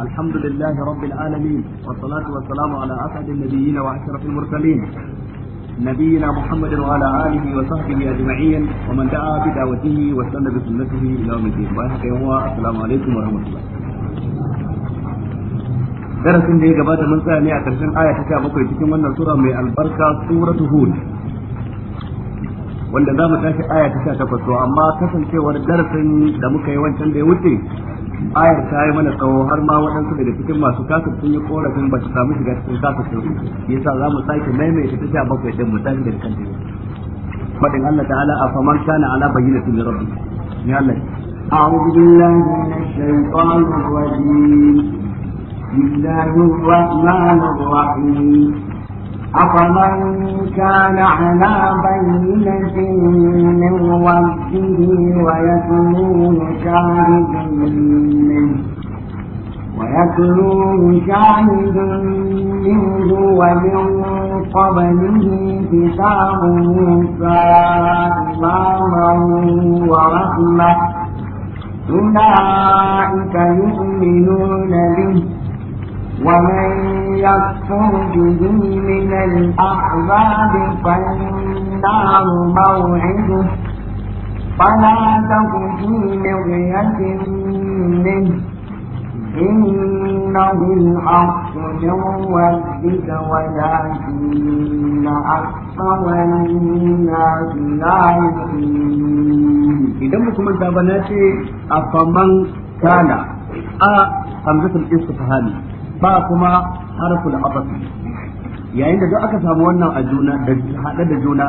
الحمد لله رب العالمين والصلاة والسلام على أسعد النبيين وأشرف المرسلين نبينا محمد وعلى آله وصحبه أجمعين ومن دعا بدعوته واستنى بسنته إلى يوم الدين السلام عليكم ورحمة الله darasin da ya gabata mun tsaya ne a ƙarshen aya ta 17 cikin wannan sura mai albarka suratu hud wanda za mu tashi aya ta sha to amma kasancewar darasin da muka yi wancan da ya wuce ayar ta yi mana tsawo har ma waɗansu daga cikin masu kasar sun yi korafin ba su samu shiga cikin kasar sun sa za mu sake maimaita ta sha bakwai din mu tashi daga kan faɗin Allah ta'ala a faman kana ala bayyinatin yi rabbi ya Allah أعوذ بالله من الشيطان الرجيم بسم الله الرحمن الرحيم أفمن كان على بينة من ربه ويتلوه شاهد منه ويتلوه شاهد منه ومن قبله كتاب موسى إماما ورحمة أولئك يؤمنون به ومن يكفر به من الأحزاب فالنار موعده فلا تك في مرية منه إنه الحق من ربك ولكن أكثر الناس لا يؤمنون إذا كما تابناتي أفمن كان أ همزة الاستفهام ba kuma harful abas yayin da duk aka samu wannan a juna da hada da juna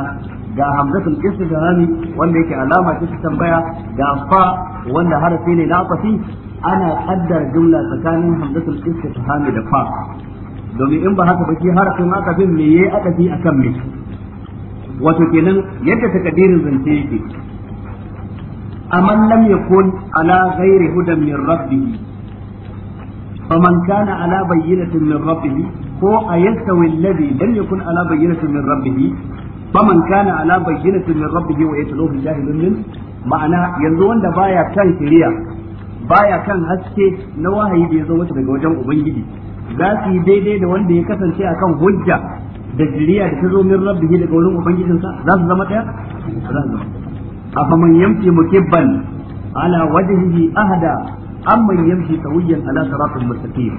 ga hamzatul istifhami wanda yake alama ce ta tambaya ga fa wanda harfi ne na afafi ana kaddar jumla tsakanin hamzatul istifhami da fa domin in ba haka ba shi harfin bin me yayi akafi akan me wato kenan yadda takadirin zance yake amman lam yakun ala ghairi hudan min rabbih فمن كان على بينة من ربه هو أيستوي الذي لم يكن على بينة من ربه فمن كان على بينة من ربه ويتلوه الجاهل منه ma'ana yanzu wanda baya kan shari'a baya kan haske na wahayi da ya zo masa daga wajen ubangiji za su yi daidai da wanda ya kasance akan hujja da shari'a da ta zo min rabbihi daga wurin ubangijinsa za su zama daya za su zama afa man yamti mukibban ala wajhihi ahada amman yamshi tawiyan ala siratin mustaqim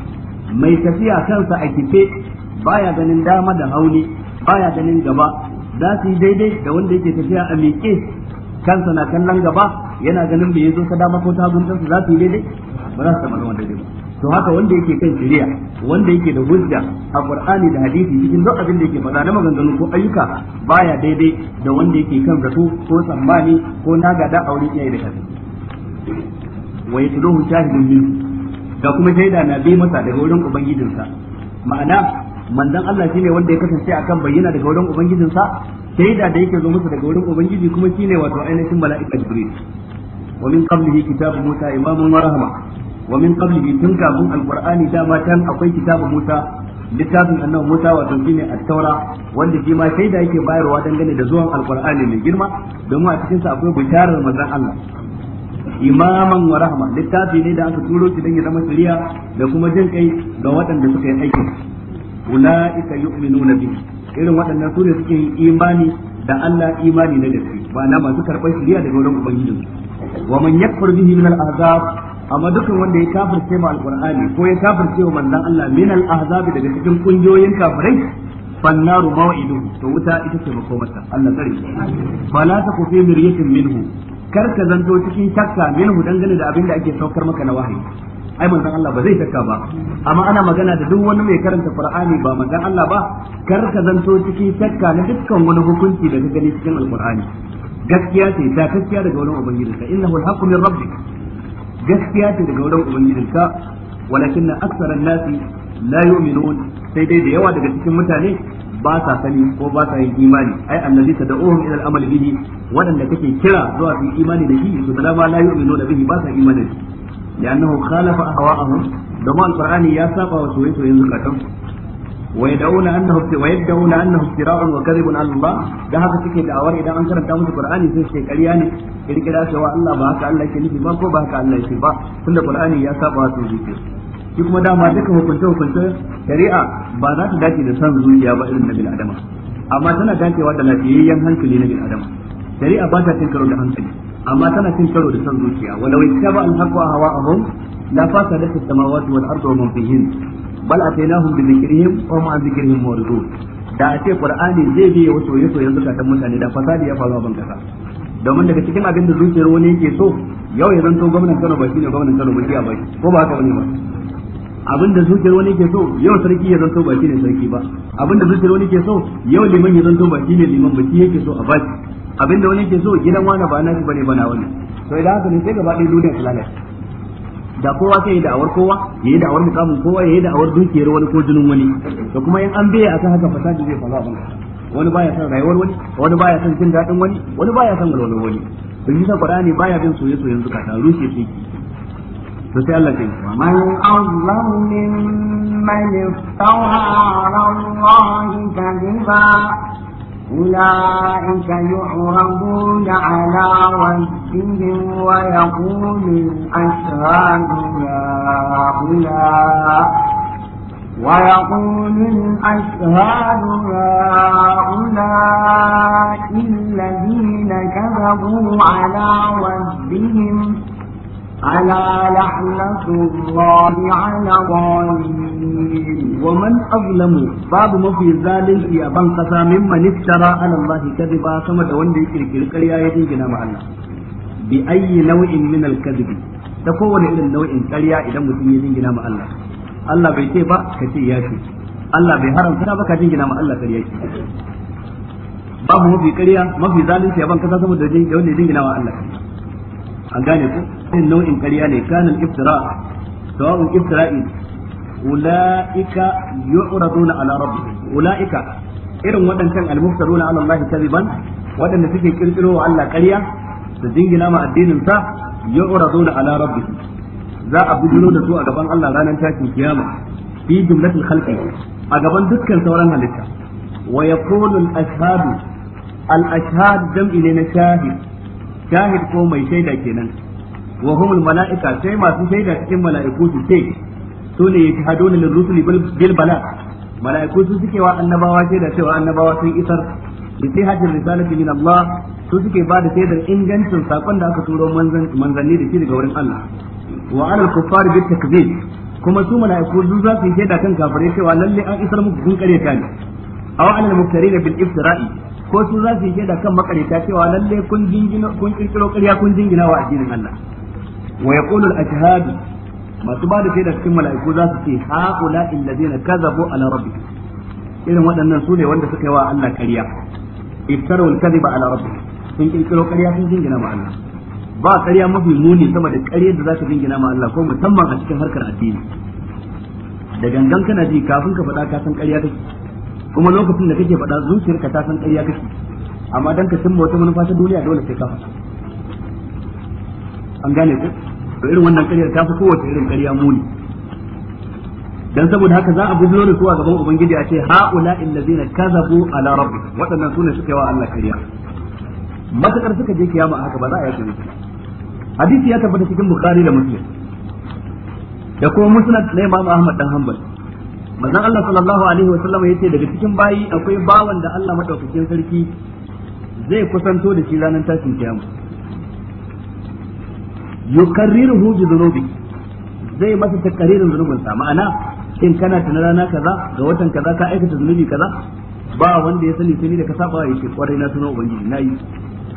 mai tafiya kansa a kife baya ganin dama da hauli baya ganin gaba za su daidai da wanda yake tafiya a miƙe kansa na kallon gaba yana ganin bai zo ta dama ko ta haguntansa za su yi daidai ba za su samu zama daidai ba to haka wanda yake kan shari'a wanda yake da hujja a qur'ani da hadisi cikin duk abin da yake faɗa na maganganu ko ayyuka baya daidai da wanda yake kan zato ko tsammani ko nagada aure iyaye da kansa wa yatluhu shahidun minhu ga kuma shaida na bi masa daga wurin ubangijinsa ma'ana manzon Allah shine wanda ya kasance akan bayyana daga wurin ubangijinsa shaida da yake zo masa daga wurin ubangiji kuma shine wato ainihin mala'ika jibril wa min qablihi kitabu musa imamun wa rahma wa min qablihi tun kafin alqur'ani dama tan akwai kitabu musa littafin annabi Musa wato shine at-Taura wanda shi ma shaida yake bayarwa dangane da zuwan Alqur'ani mai girma domin a cikin sa akwai bisharar manzon Allah imaman wa rahma littafi ne da aka turo shi dan ya zama shari'a da kuma jin kai ga waɗanda suka yi aikin ulaika yu'minuna bihi irin waɗannan su ne suke yin imani da Allah imani na gaske ba na masu karɓar shari'a daga wurin ubangiji wa man yakfur bihi min al'azab amma dukkan wanda ya kafirce ma alqur'ani ko ya kafirce wa manzon Allah min al'azab daga cikin kungiyoyin kafirai فالنار موعده فوتا ita مكومتا الله تري فلا تكو في مرية منه karka zanto cikin shakka minhu dangane da abin da ake saukar maka na wahayi ai manzon Allah ba zai shakka ba amma ana magana da duk wani mai karanta Qur'ani ba manzon Allah ba karka zanto cikin shakka na dukkan wani hukunci da ta gani cikin Al-Qur'ani gaskiya ce ta gaskiya daga wurin ubangijinka innahu al min rabbik gaskiya ce daga wurin ubangijinka walakinna aktharan nasi la yu'minun sai dai da yawa daga cikin mutane ba sa sani ko ba sa yin imani ai annabi ta da'uhum ila al-amal bihi wadanda kake kira zuwa su imani da shi su da ma la yu'minu da bihi ba sa imani da shi li'annahu khalafa ahwa'ahum da ma al-qur'ani ya saba wa soyayyen zakatan ويدعون انه ويدعون انه افتراء وكذب على الله ده haka suke da'awar idan an karanta musu Qur'ani sai suke ƙarya ne kirkira cewa Allah ba haka Allah yake nufi ba ko ba haka Allah yake ba tunda Qur'ani ya saba wa su shi kuma dama duka hukunce hukunce shari'a ba za ta dace da san zuciya ba irin na bil adama amma tana dacewa da lafiyayyen hankali na bil adama shari'a ba ta cin karo da hankali amma tana cin karo da san zuciya ta ba al hawa ahum la fasadat da samawati wal ardu wa man fihin bal atainahum bi dhikrihim wa ma an dhikrihim muridun da a ce qur'ani zai biye wasu yanzu soyen zakatan mutane da fasadi ya faru a ban kasa domin daga cikin abin da zuciyar wani yake so yau ya zanto gwamnan Kano ba shine gwamnan Kano ba shi a bai ko ba haka bane ba abinda zuciyar wani ke so yau sarki ya zanto ba ne sarki ba abinda zuciyar wani ke so yau liman ya zanto ba ne liman ba shi yake so a baki abinda wani ke so gidan wani ba na shi bane bana wani to idan haka ne sai gaba ɗaya duniya ta lalace da kowa sai yi da'awar kowa ya yi da'awar mukamin kowa ya yi da'awar dukiyar wani ko jinin wani da kuma in an biya akan haka fasadi zai faru a wani baya son rayuwar wani wani baya son jin daɗin wani wani baya son walwalar wani to yi sa qur'ani baya bin soye-soyen zukata rushe su to sai Allah kai man azlam mimman iftara ala Allah kadiba أولئك يعرضون على وجههم ويقول الأشهاد هؤلاء ويقول الأشهاد هؤلاء الذين كذبوا على ربهم ألا لعنة الله على الظالمين ومن أظلم باب ما في ذلك يا بن ممن افترى على الله كذبا كما da wanda yake kirkiri ya jingina ma Allah bi ayyi nau'in min al-kadhib ta kowane irin nau'in ƙarya idan mutum ya jingina ma Allah Allah bai ce ba ka ce ya ce Allah bai haramta ba ka jingina ma Allah ƙarya ce babu mafi ƙarya mafi zalunci ban da wanda ya Allah an gane ku sai nau'in ƙarya ne kanan iftira sawa'un iftira'i ula'ika yu'raduna ala rabbihim ula'ika irin waɗancan almuftaruna ala Allah kadiban waɗanda suke kirkiro wa Allah ƙarya da dingina ma addinin sa yu'raduna ala rabbihim za a bujuro da su a gaban Allah ranar tashin kiyama fi jumlatul khalqi a gaban dukkan sauran halitta wa yaqulu al-ashhadu al-ashhad jam'i ne na shahid shahid ko mai shaida kenan wa humul mala'ika sai masu shaida cikin mala'iku su ce su ne yahtaduna lil rusuli bil bala mala'iku su suke wa annabawa shaida cewa annabawa sun isar bi sihhatir risalati min Allah su suke ba da shaidar ingancin sakon da aka turo manzanni da shi daga wurin Allah wa alal kuffar bit takzib kuma su mala'iku su za su yi shaida kan kafirai cewa lalle an isar muku kun kare ta ne aw alal muftarin bil iftira'i ko su za su yi shaida kan makarita cewa lalle kun jingina kun kirkiro ƙarya kun jingina wa addinin Allah wa yaqulu al-ashhad masu ba da shaida cikin mala'iku za su ce haula alladhina kazabu ala rabbihim irin waɗannan su ne wanda suka yi wa Allah ƙarya iftaru al-kadhiba ala rabbihim sun kirkiro ƙarya sun jingina ma Allah ba ƙarya mafi muni sama da ƙarya da za ka jingina ma Allah ko musamman a cikin harkar addini da gangan kana ji kafin ka faɗa ka san ƙarya take kuma lokacin da kake faɗa zuciyarka ta san ƙarya kake amma dan ka cimma wata manufa ta duniya dole sai ka faɗa an gane ku to irin wannan ƙaryar ta fi kowace irin ƙarya muni dan saboda haka za a bujiro da su a gaban ubangiji a ce haula illazina kazabu ala rabbi waɗannan sune suka yi wa Allah ƙarya matakar suka je kiyama haka ba za a yi su hadisi ya tabbata cikin bukhari da muslim da kuma musnad na imam ahmad dan hanbali manzon Allah sallallahu alaihi wa sallam yace daga cikin bayi akwai bawan da Allah madaukakin sarki zai kusanto da shi ranar tashin kiyama yukarriruhu bi dhunubi zai masa takaririn sa ma'ana in kana tana rana kaza ga watan kaza ka aikata zunubi kaza ba wanda ya sani sai da ka saba yake kwarai na tuno ubangiji na yi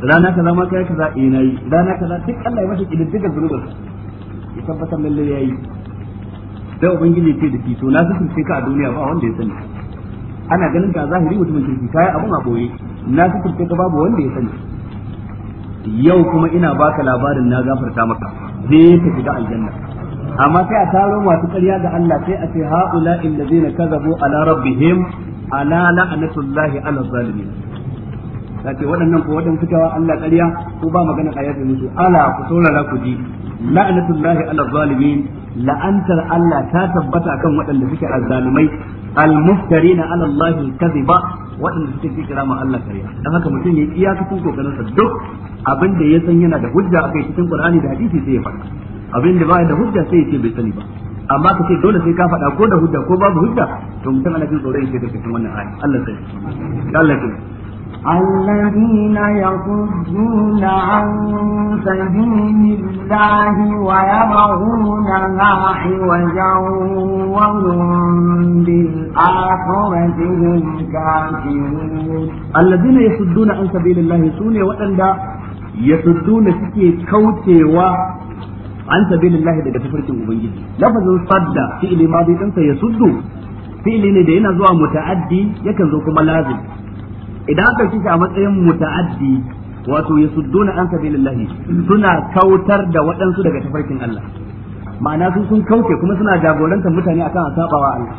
rana kaza ma kai kaza eh na yi rana kaza duk Allah ya masa kididdigar zunubin ya tabbatar lalle ya yi sai ubangiji ce da shi to na sukurce ka a duniya ba wanda ya sani ana ganin ka zahiri mutumin kirki kai abun a boye na sukurce ka babu wanda ya sani yau kuma ina baka labarin na gafarta maka zai ka shiga aljanna amma sai a taron masu ƙarya ga Allah sai a ce ha'ula na kazabu ala rabbihim ala la'anatullahi ala zalimin za ce waɗannan ko waɗannan fitawa Allah ƙarya ko ba magana a yafe musu ala ku saurara ku ji la'anatullahi ala zalimin la'antar Allah ta tabbata kan waɗanda suke azzalumai almuftarina ala Allah kadhiba waɗanda suke kira ma Allah ƙarya dan haka mutum ya iyakacin kokarin sa duk abin da ya san yana da hujja akai cikin Qur'ani da hadisi sai ya faɗa abin da ba da hujja sai ya ce bai sani ba amma ka ce dole sai ka faɗa ko da hujja ko babu hujja to mutum ana jin tsoron shi da cikin wannan ayi Allah sai Allah sai الذين يصدون عن سبيل الله ويبغونها حوجا وهم بالآخرة هم كافرون الذين يصدون عن سبيل الله سوني وأن يصدون سكي كوتي و عن سبيل الله daga tafarkin ubangiji lafazin sadda fi'ili madi din sa yasuddu fi'ili ne da yana zuwa muta'addi yakan zo kuma lazim idan aka shi a matsayin muta'addi wato yasudduna an sabilillah suna kautar da waɗansu daga tafarkin Allah ma'ana su sun kauke kuma suna jagorantar mutane akan asabawa Allah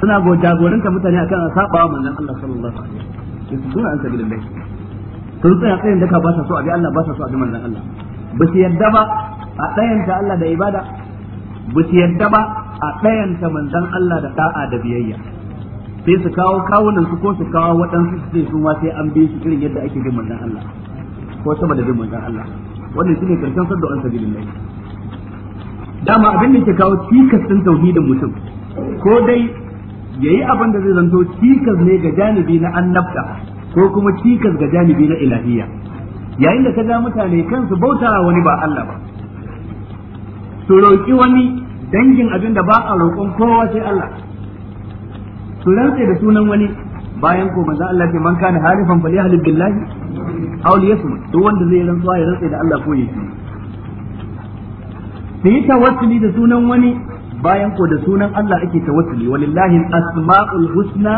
suna go jagorantar mutane akan asabawa manzon Allah sallallahu alaihi wasallam yasudduna an sabilillah sun tsaya tsayin da ka ba sa so abi Allah ba sa so abi manzon Allah ba su yadda ba a tsayanta Allah da ibada ba su yadda ba a tsayanta manzon Allah da da'a da biyayya sai su kawo kawunan su ko su kawo waɗansu su ce su ma sai an bi su irin yadda ake bin manzon Allah ko sama da bin manzon Allah wannan shine karshen sadda an sabilin lahi dama abin da ke kawo cikas din tauhidin mutum ko dai yayi abin da zai zanto cikas ne ga janibi na annabta ko kuma cikas ga janibi na ilahiyya yayin da ka ga mutane kansu bauta wani ba Allah ba su roƙi wani dangin abin da ba a roƙon kowa sai Allah su rantse da sunan wani bayan ko manzo Allah ce man kana halifan falyahlib billahi aw liyasmut duk wanda zai rantsuwa ya rantse da Allah ko ya ci su yi tawassuli da sunan wani bayan ko da sunan Allah ake tawassuli walillahi asma'ul husna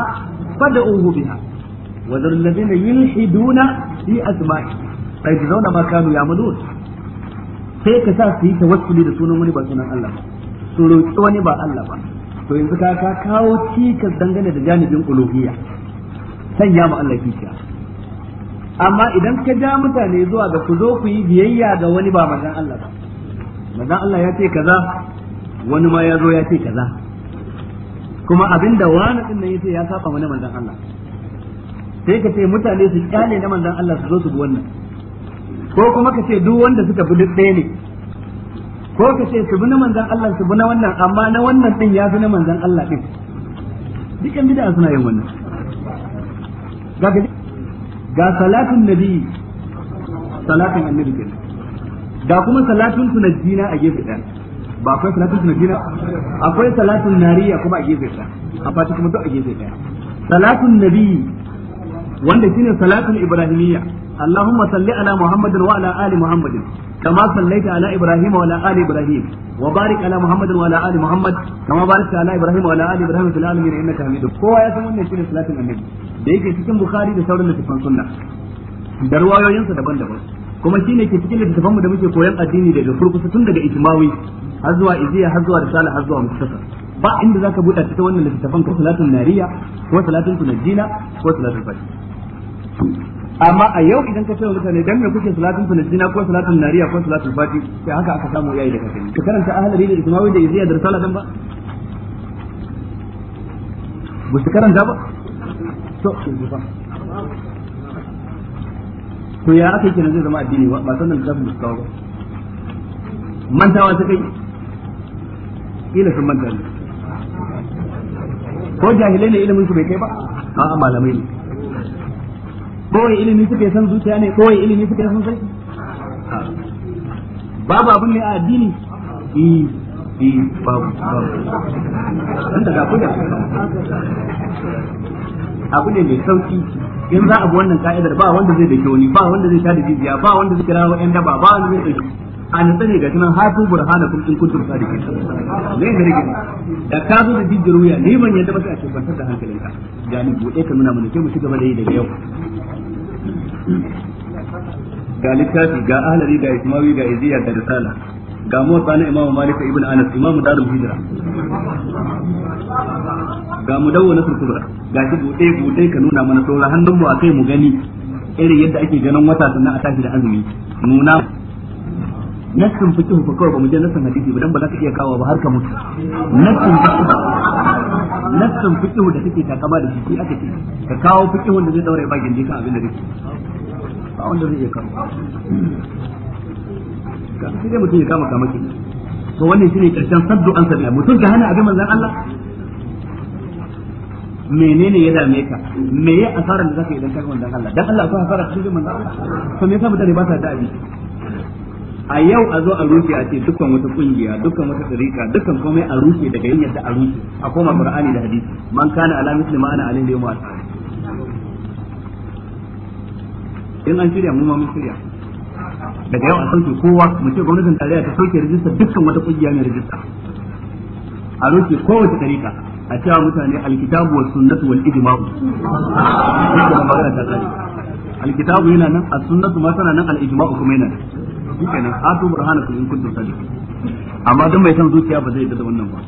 fad'uhu biha wa dhar alladhina yulhiduna fi asma'i ai da zauna ma kanu ya'malun sai ka sa su yi tawassuli da sunan wani ba sunan Allah su roki wani ba Allah ba to yanzu ka ka kawo cikas dangane da janibin uluhiyya sanya mu Allah kiciya amma idan ka ja mutane zuwa ga ku zo ku yi biyayya ga wani ba manzon Allah ba manzon Allah ya ce kaza wani ma ya zo ya ce kaza kuma abinda wani din nan yace ya saba mana manzon Allah sai ka ce mutane su kyale na manzon Allah su zo su bi wannan ko kuma ka ce duk wanda suka bi duk ɗaya ne ko ka ce su bi na manzan Allah su bi na wannan amma na wannan din ya fi na manzan Allah din dukkan bid'a suna yin wannan ga ga na nabi salatin annabi kenan ga kuma salatun tunajjina a gefe ɗaya ba akwai salatun tunajjina akwai salatun nariya kuma a gefe ɗaya a fata kuma duk a gefe ɗaya salatun nabi wanda shine salatun ibrahimiyya اللهم صل على محمد وعلى آل محمد كما صليت على إبراهيم وعلى آل إبراهيم وبارك على محمد وعلى آل محمد كما باركت على إبراهيم وعلى آل إبراهيم في العالمين إنك حميد kowa ya san wannan shine salatin annabi da yake cikin bukhari da sauran littafan sunna da ruwayoyinsa daban-daban kuma ne ke cikin littafanmu da muke koyan addini daga kurkusa tun daga ijmawi har iziya ba inda ka buɗa cikin wannan littafan ko salatin nariya ko salatun tunajjina ko salatin fatih amma a yau idan ka cewa mutane dan me kuke salatin tunajina ko salatin nariya ko salatin fati sai haka aka samu yayi da kafin ka karanta ahlari da ismawi da iziya da risala dan ba ba su karanta ba to to ya aka yi zai zama addini ba ba sanin da zaka ba mantawa ta kai ila sun manta ne ko jahilai ne ilimin su bai kai ba a'a malamai ne boye ilimi suke san zuciya ne boye ilimi suke san sai babu abin ne a addini eh eh babu babu da kuda abu ne mai sauki in za a bi wannan ka'idar ba wanda zai dake wani ba wanda zai sha da jijiya ba wanda zai kira wa yan daba ba wanda zai dake a nutsa ga tunan hafi burhana kun in kuntum ke ne ne ne da ka zo da jijjiru wuya ne ban yadda ba sai a ce bantar da ka ga ni bude ka nuna mana ke mu shiga gaba da yi daga yau ga littafi ga ahlari ga ismawi ga iziya da risala ga motsa na imamu malik ibn anas imamu darul hijra ga mudawwanatul kubra ga shi bude bude ka nuna mana saura hannun mu akai mu gani irin yadda ake ganin wata sannan a tashi da azumi nuna nassin fiqh ko kawai ba mu je nassin hadisi ba dan ba za ka iya kawo ba har ka mutu nassin fiqh nassin fiqh da kake takama da shi ake ce ka kawo fiqh da zai daure ba gindi ka abin da kake ba wanda zai iya kawo ka sai dai mutum ya kama kama ki to wannan shine karshen saddu an sabila mutum ka hana abin manzon Allah menene ya dame ka me ya asaran da zaka yi idan kai wannan Allah dan Allah akwai asara cikin manzon Allah to me yasa mutane ba sa da a yau a zo a rufe a ce dukkan wata kungiya dukkan wata tsarika dukkan komai a rufe daga yin yadda a rufe a koma qur'ani da hadisi man kana ala misli ma ana alayhi yawma asali in an shirya mu ma mun shirya daga yau a sauke kowa mu ce gwamnatin tarayya ta sauke rijista dukkan wata kungiya mai rijista a rufe kowace tsarika a cewa mutane alkitabu was sunnatu wal ijma'u magana ta alkitabu yana nan as-sunnatu ma tana nan al-ijma'u kuma yana nan shikenan atu burhanakum in kuntum sadiqin amma dan mai san zuciya ba zai da wannan ba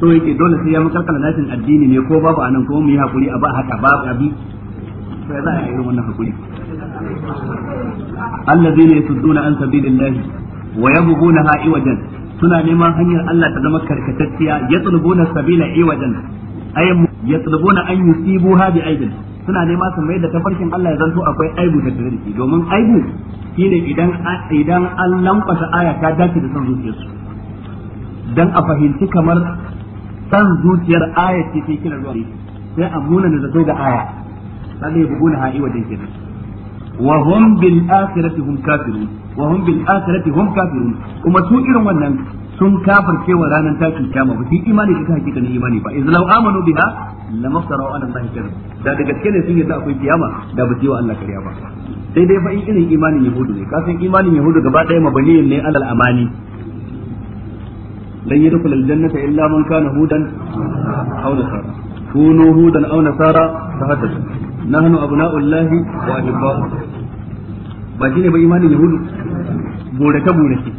so yake dole sai ya makalkala nashin addini ne ko babu anan ko mu yi hakuri a ba haka babu abi sai za a yi wannan hakuri alladhina yasudduna an sabilillahi wa yabghunaha iwajan suna neman hanyar Allah ta zama karkatacciya yatlubuna sabila iwajan ayyam yatlubuna an yusibuha bi aibin suna nema su mai da tafarkin Allah ya zanto akwai aibu da tare domin aibu shine idan idan an lambata aya ta dace da san zuciyar su. dan a fahimci kamar san zuciyar aya ce ke kira zuwa sai a muna da zato ga aya lalle yabuna ha'i wa dinkin wa hum bil akhirati hum kafirun wa hum bil akhirati hum kafirun kuma su irin wannan sun kafirce wa ranar tashin kiyama ba su imani da hakika ne imani ba izlau amanu biha lamaftara ala Allah kadhib da da gaske ne sun yi da akwai kiyama da ba wa Allah kariya ba sai dai fa irin imanin yahudu ne kafin imanin yahudu gaba ɗaya mabaniyin ne alal amani lan yadkhul jannata illa man kana hudan aw nasara kunu hudan aw nasara tahaddathu nahnu llahi wa ahibba'u ba ne ba imanin yahudu gore ta shi.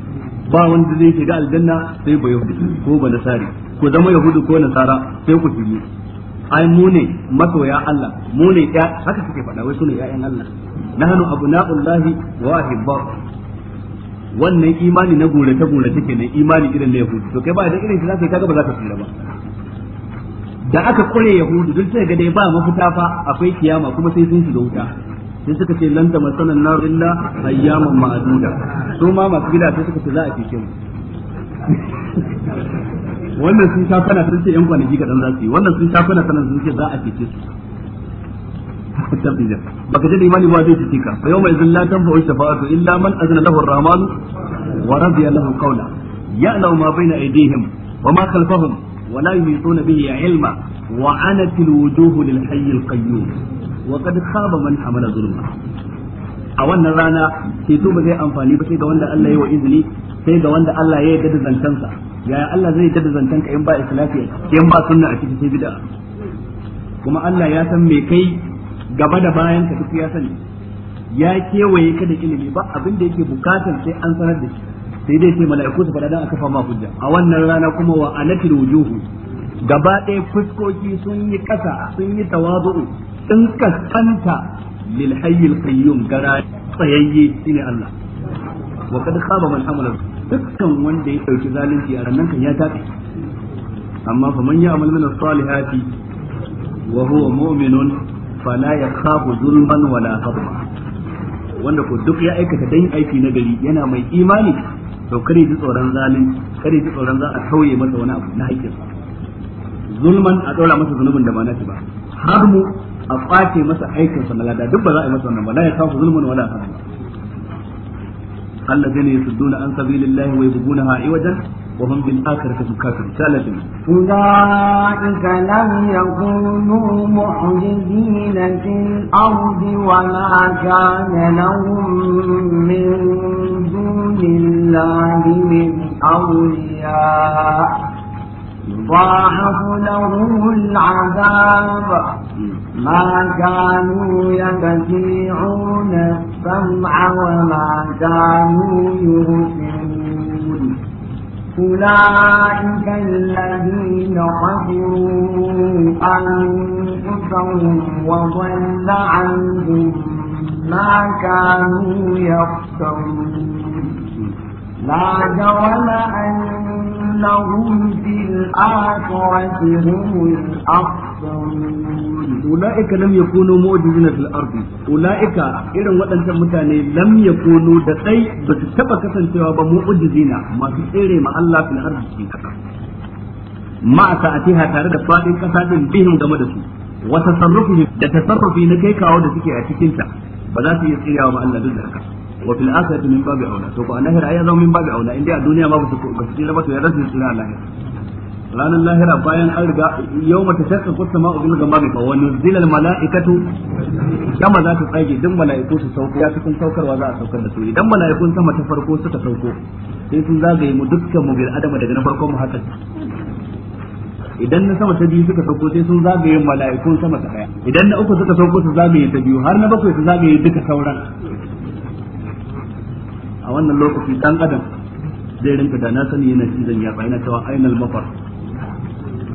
ba wanda zai shiga aljanna sai ba ko ba nasari ku zama yahudu ko nasara sai ku shige ai mu ne masoya Allah mu ne ya haka suke faɗa wai sune ya'yan Allah nahnu abna'ullahi wa ahibba wannan imani na gure ta gure take ne imani irin na yahudu to kai ba idan irin shi zaka kaga ba za ka tsira ba da aka kore yahudu duk sai ga dai ba mafita fa akwai kiyama kuma sai sun shiga wuta sai suka ce lan ta masanan na illa ayyaman ma'duda su ma masu gida sai suka ce za a fice mu wannan sun sha fana sun ce yan kwanaki kaɗan za su yi wannan sun sha fana sanan sun ce za a cece su tabbija baka ji da imani ba zai cece ka fa yau mai zin la tanfa'u shafa'atu illa man azna lahu ar-rahman wa radiya lahu qawla ya'lamu ma baina aydihim wa ma khalfahum wa la yuhituna bihi ilma wa anat al-wujuh lil hayy al-qayyum wa qad khaba man hamala zulma a wannan rana ceto ba zai amfani ba sai ga wanda Allah ya wa izini sai ga wanda Allah ya yarda da zantansa yaya Allah zai yarda da zantanka in ba ikhlasi in ba sunna a cikin sai bid'a kuma Allah ya san me kai gaba da bayan ka duk ya sani ya kewaye ka da ilimi ba abin da yake bukatar sai an sanar da shi sai dai sai mala'iku su faɗa dan aka fama hujja a wannan rana kuma wa anatil wujuhu gaba ɗaya fuskoki sun yi ƙasa sun yi tawazu'u sun kaskanta lil hayyil qayyum gara tsayayye shine Allah wa kad khaba man amala dukkan wanda ya dauki zalunci a ranan kan ya tafi amma fa man ya'mal min as-salihati wa huwa mu'minun fala yakhafu zulman wala hadma wanda ko duk ya aikata dan aiki na gari yana mai imani to kare ji tsoron zalunci kare ji tsoron za a tauye masa wani abu na haƙƙinsa zulman a ɗora masa zunubin da ba na ba har mu a kwace masa aikin sa na duk ba za a yi masa wannan ba la ya kafu zulmun wala fahma alladhina yasudduna an sabilillahi wa yabghunaha iwajan وهم بالآخرة هم كافرون ثالثا أولئك لم يكونوا محجزين في الأرض وما كان لهم من دون الله من يضاعف لهم العذاب ما كانوا يستطيعون السمع وما كانوا يرسلون أولئك الذين خسروا أنفسهم وضل عنهم ما كانوا يفترون لا جرم أن أنهم في الآخرة هم الأخسرون أولئك لم يكونوا موجودين في الأرض أولئك إذن وطن سمتاني لم يكونوا دقي بتتبقى سنتوابا موجودين ما تسيري مع الله في الأرض ma a sa'atiha tare da fadin kasa din bihim game da su wa tasarrufi da tasarrufi na kai kawo da suke a cikin ta ba za su iya tsiyawa ba wa fil akhirati min babi auna, to ko annahira ai zama min babi auna inda a duniya ma ba su ba su tsira ba to ya rasa tsira a lahira ranar lahira bayan an riga yau mata shakka ko sama ubin ga mabi fa wani zilal mala'ikatu sama za ta tsage duk mala'iku su sauko ya cikin saukarwa za a saukar da su idan mala'ikun sama ta farko suka sauko sai sun zagaye mu dukkan mu bil adama daga na farko mu haka idan na sama ta biyu suka sauko sai sun zagaye mala'ikun sama ta daya idan na uku suka sauko su zagaye ta biyu har na bakwai su zagaye duka sauran a wannan lokaci dan adam zai rinka da na sani yana cizon ya bayyana cewa ainal mafar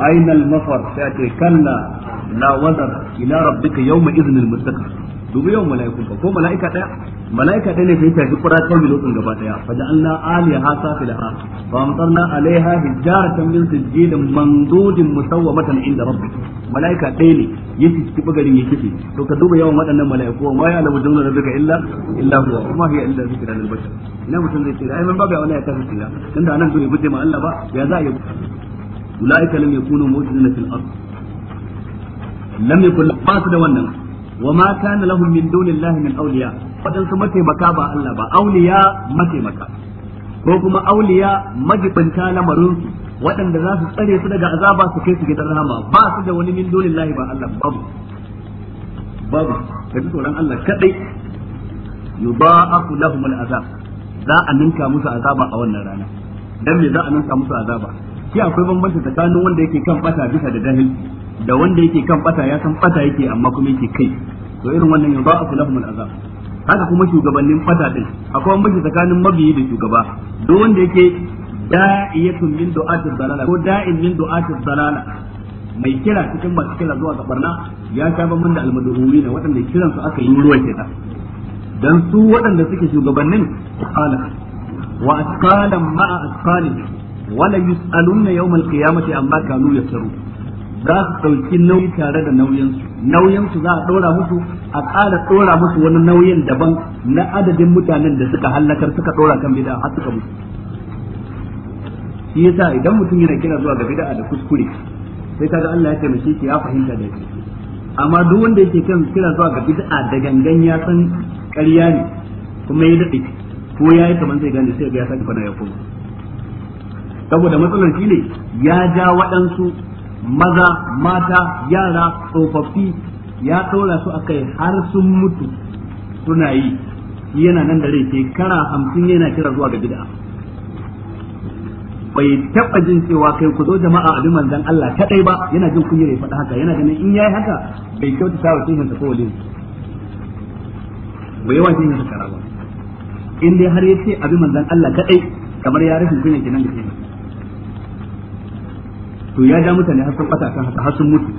ainal mafar sai ce kalla la wazar ila rabbika yawma idhnil mustaqim dubu yawan ko mala'ika daya mala'ika daya ne sai ta ji kura ta gaba daya fa ja'alna aliha safilaha fa amtarna alaiha hijaratan min sijilin mandudin musawwamatan inda rabbik mala'ika daya ne bagarin yake to ka duba yawan waɗannan mala'iku ma ya rabbika illa illa huwa kuma hiya illa lil bashar ina mutum zai ce ai babu wani ya tunda anan bude ma Allah ba ya za a yi lam yakunu fil ard lam yakun ba su da wannan wa mata kana lahum min dunillahi min awliya wadansu mataimaka ba Allah ba awliya mataimaka ko kuma awliya majibanta lamarinsu waɗanda za su tsare su daga azaba su kai su gidan rahama ba su da wani min dunillahi ba Allah babu babu ka ji tsoron Allah kadai yudha'afu lahum al'azab za a ninka musu azaba a wannan rana dan za a musu azaba shi akwai bambanci tsakanin wanda yake kan fata bisa da dahil da wanda yake kan fata ya san fata yake amma kuma yake kai to irin wannan yanzu a kula mun azab haka kuma shugabannin fata din akwai bambanci tsakanin mabiyi da shugaba duk wanda yake da'iyatun min du'atiz dalala ko da'in min du'atiz dalala mai kira cikin masu kira zuwa ga barna ya sha bamban da almadhuri na waɗanda kiran su aka yi ruwa ke ta dan su waɗanda suke shugabannin qala wa asqalan ma asqalin wala yus'alunna yawmal qiyamati amma kanu yaftaru za su ɗauki nauyi tare da nauyinsu nauyinsu za a ɗora musu a ƙara ɗora musu wani nauyin daban na adadin mutanen da suka hallakar suka ɗora kan bid'a har suka mutu shi yasa idan mutum yana kira zuwa ga bid'a da kuskure sai kaga Allah ya taimake shi ya fahimta da shi amma duk wanda yake kan kira zuwa ga bid'a da gangan ya san ƙarya ne kuma ya daɗe ko ya yi zai gane sai ga ya saki fara ya koma saboda matsalar shi ne ya ja waɗansu maza mata yara tsofaffi ya ɗora su a kai har sun mutu suna yi yana nan da rai shekara hamsin yana kira zuwa ga gida bai taɓa jin cewa kai ku zo jama'a abin dan Allah kaɗai ba yana jin kunyar ya faɗa haka yana ganin in yayi haka bai kyauta sa wace hin ko walin bai yawan jin haka ba in dai har ya a abin dan Allah kaɗai, kamar ya rashin kunya kenan da ke to ya ja mutane har sun bata kan har sun mutu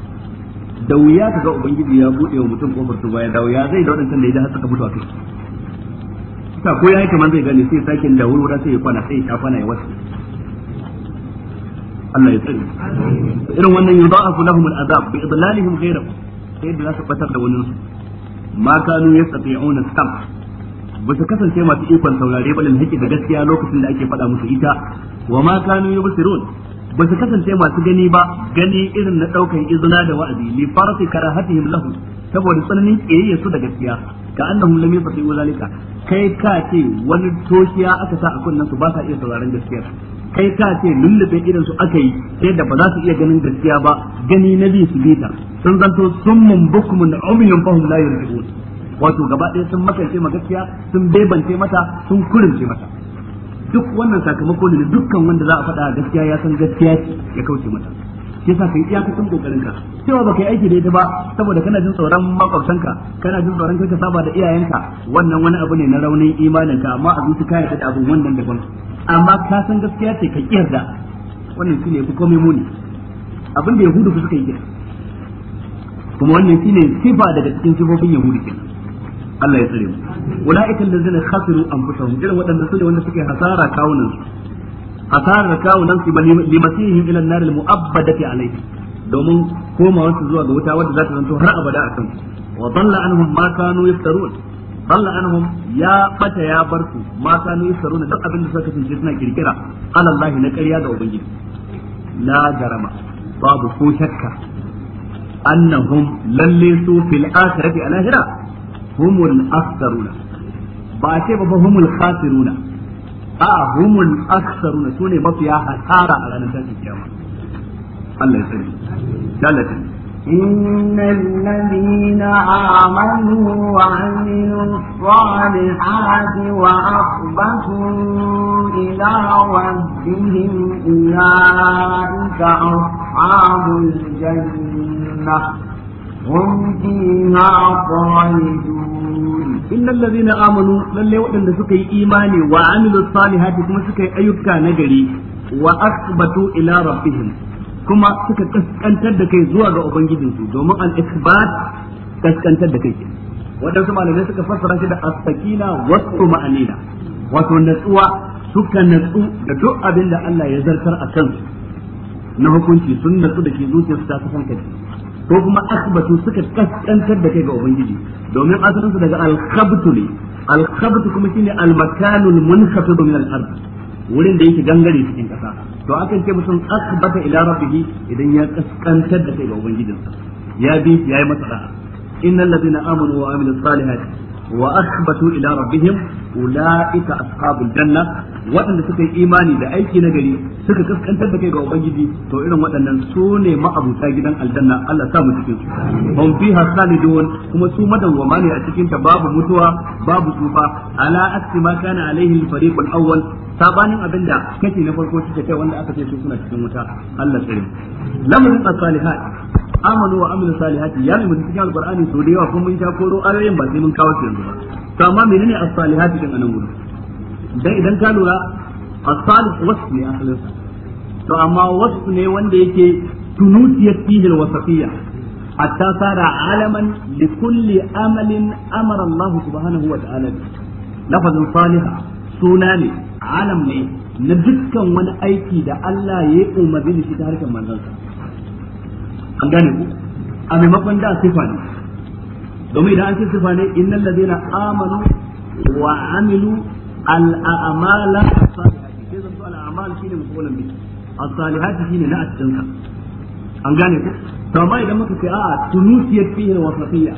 da wuya ka ga ubangiji ya bude wa mutum kofar su baya da wuya zai da wadancan da ya har suka mutu a kai ta ko yayi kaman zai gane sai sakin da wurwura sai ya kwana sai ya kwana ya wasu Allah ya tsare irin wannan yudha'afu lahum al'adab bi idlalihim ghayrahu sai da su batar da wani ma kanu yastati'una sam ba su kasance masu ikon saurare ba lil haƙi da gaskiya lokacin da ake faɗa musu ita wa ma kanu yubsirun ba su kasance masu gani ba gani irin na daukan izina da wa'azi li farati karahatihim lahu saboda tsananin kiyayya su da gaskiya ka annahum lam yastati'u zalika kai ka ce wani toshiya aka sa a kunnan su ba sa iya sauraron gaskiya kai ka ce lullube irin su aka yi sai da ba za su iya ganin gaskiya ba gani na bi su bita sun zanto summun bukmun umyun fahum la yarji'un wato gaba ɗaya sun makance ma gaskiya sun bebance mata sun kurince mata duk wannan sakamako ne dukkan wanda za a faɗa gaskiya ya san gaskiya ya kauce mata iya kai iyakacin ka cewa ka yi aiki da ita ba saboda kana jin tsoron makwabtanka kana jin tsoron kai ka saba da iyayenka wannan wani abu ne na raunin imaninka amma a zuci ka da abin wannan daban amma ka san gaskiya ce ka da wannan shine yafi komai muni abin da yahudu suka yi kuma wannan shine sifa daga cikin sifofin yahudu kenan Allah ya tsare mu ulaika allazina khasiru anfusahum irin waɗanda su wanda suke hasara kawunan su hasarar kawunan su li masihihim ila an-nar al-mu'abbadati alayhi domin komawa su zuwa ga wuta wadda za ta zanto har abada a kansu wa dalla anhum ma kanu yaftarun dalla anhum ya bata ya bar su ma kanu yaftarun duk abin da suka tunje suna kirkira ala Allah na ƙarya ga ubangiji la jarama babu ko shakka annahum lalle su fil akhirati alahira هم الاخسرون باكي بابا هم الخاسرون آه هم الأكثرون سوني بطي آها سارة على نتاج الكامل الله يسلم جالة إن الذين آمنوا وعملوا الصالحات وأخبتوا إلى ربهم أولئك أصحاب الجنة Inna na amanu lallai waɗanda suka yi imani wa amilu salihati kuma suka yi ayyuka na gari wa asbatu ila rabbihim kuma suka kaskantar da kai zuwa ga ubangijinsu domin al isbat kaskantar da kai waɗansu malamai suka fassara shi da asakina wasu ma'anina wato natsuwa suka natsu da duk abin da Allah ya zartar a kansu na hukunci sun natsu da ke zuciyarsu ta kasance ko kuma asbatu suka kaskantar da kai ga ubangiji domin asalin daga al ne al kuma shine al-makanul min al-ard wurin da yake gangare cikin kasa to akan ce mutum asbata ila rabbih idan ya kaskantar da kai ga ubangijinsa ya bi ya yi masa da'a innal ladina amanu wa amilus salihati wa akhbatu ila rabbihim ulaika ashabul janna waɗanda suka yi imani da aiki na gari suka kaskantar da kai ga ubangiji to irin waɗannan su ne ma'abuta gidan aljanna Allah sa mu cikin su hum fiha khalidun kuma su madawwama ne a cikin ta babu mutuwa babu tsufa ala asti ma kana alaihi al-fariq al-awwal sabanin abinda kace na farko suka ce wanda aka ce su suna cikin wuta Allah tsare lamarin as-salihat amanu wa amilu salihati ya mu cikin alqur'ani so da yawa kun mun ja koro ayoyin ba sai mun kawo su yanzu ba to amma menene as-salihati din anan gudu dan idan ka lura a salih wasu ne a sa to amma wasu ne wanda yake tunutiyat fihi al-wasafiyya hatta sara alaman li kulli amalin amara Allah subhanahu wa ta'ala lafazin saliha suna ne alam ne na dukkan wani aiki da Allah ya yi umarni da shi ta harkar manzansa an gane ku a maimakon da sifa ne domin idan an ce sifa ne innal ladina amanu wa amilu al-a'mala as-salihati sai zanto al-a'mal shine mutulan bi as-salihati shine na addinka an gane ku to amma idan muka ce a'a tunusiyat fihi wa safiya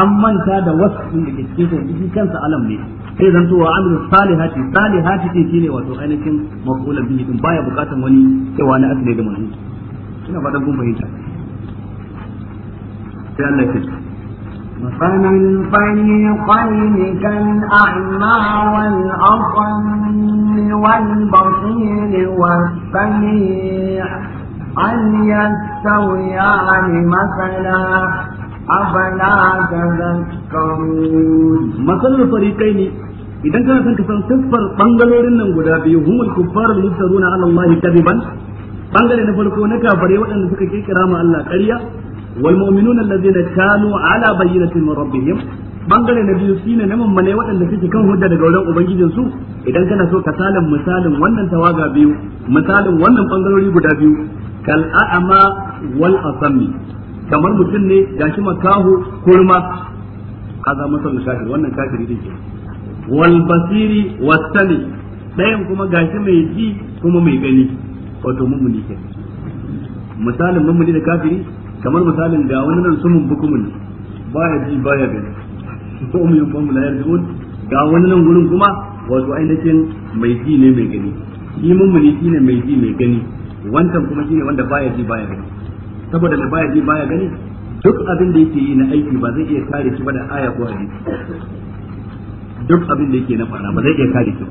an manta da wasfin da ke cikin sa shi kansa alam ne sai zanto wa amilu salihati salihati ce shine wato ainihin mafulan bihi baya bukatan wani cewa na asali ina kun fahimta فمن الفريقين كالأعمى والأصم والبصير والسميع أن يستويان مثلا أفلا تذكرون مثل الفريقين idan kana son ka san siffar bangalorin nan guda biyu humul kuffar mutazaruna ala Allah kadiban bangare na farko na kafare waɗanda suka kikira ma Allah ƙarya wal mu'minuna allazina kanu ala bayyinatin min rabbihim bangare na biyu shine na mummune waɗanda suke kan hudda daga wurin ubangijin su idan kana so ka salin misalin wannan tawaga biyu misalin wannan bangarori guda biyu kal a'ama wal asami kamar mutum ne gashi makahu kurma kaza masal kafir wannan kafiri ne wal basiri wasani dayan kuma gashi mai ji kuma mai gani wato mummuni ke misalin mummuni da kafiri kamar misalin da wani nan sumun bukumin baya ji ba ya gani ko mu yin bamu layar zuwa ga wani nan gurin kuma wato ainihin mai ji ne mai gani shi mummuni ne mai ji mai gani wancan kuma ne wanda ba ya ji ba ya gani saboda da baya ji ba ya gani duk abin da yake yi na aiki ba zai iya kare shi ba da aya ko hadisi duk abin da yake na fara ba zai iya kare shi ba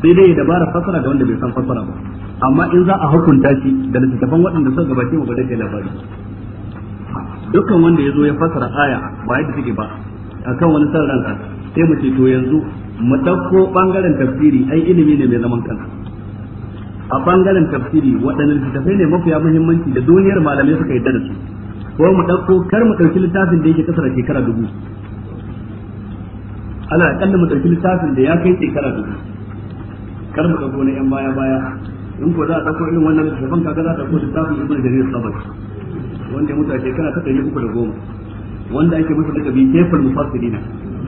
sai dai ya dabara fasara ga wanda bai san fasara ba amma in za a hukunta shi da littattafan waɗanda suka gabace mu ba da labari dukkan wanda ya zo ya fasara aya ba yadda take ba akan wani san ranka sai mu ce to yanzu mu dauko bangaren tafsiri ai ilimi ne mai zaman kansa a bangaren tafsiri waɗannan littattafai ne mafiya muhimmanci da duniyar malamai suka yarda da su ko mu dauko kar mu ɗauki littafin da yake kasar shekara dubu ala kallon mu ɗauki littafin da ya kai shekara dubu kar mu dauko na yan baya baya in ko za a dauko irin wannan littafin kaga za a dauko littafin ibn jarir sabat wanda mutu ake shekara ta dari uku da goma wanda ake masa daga bi kefal mufassirina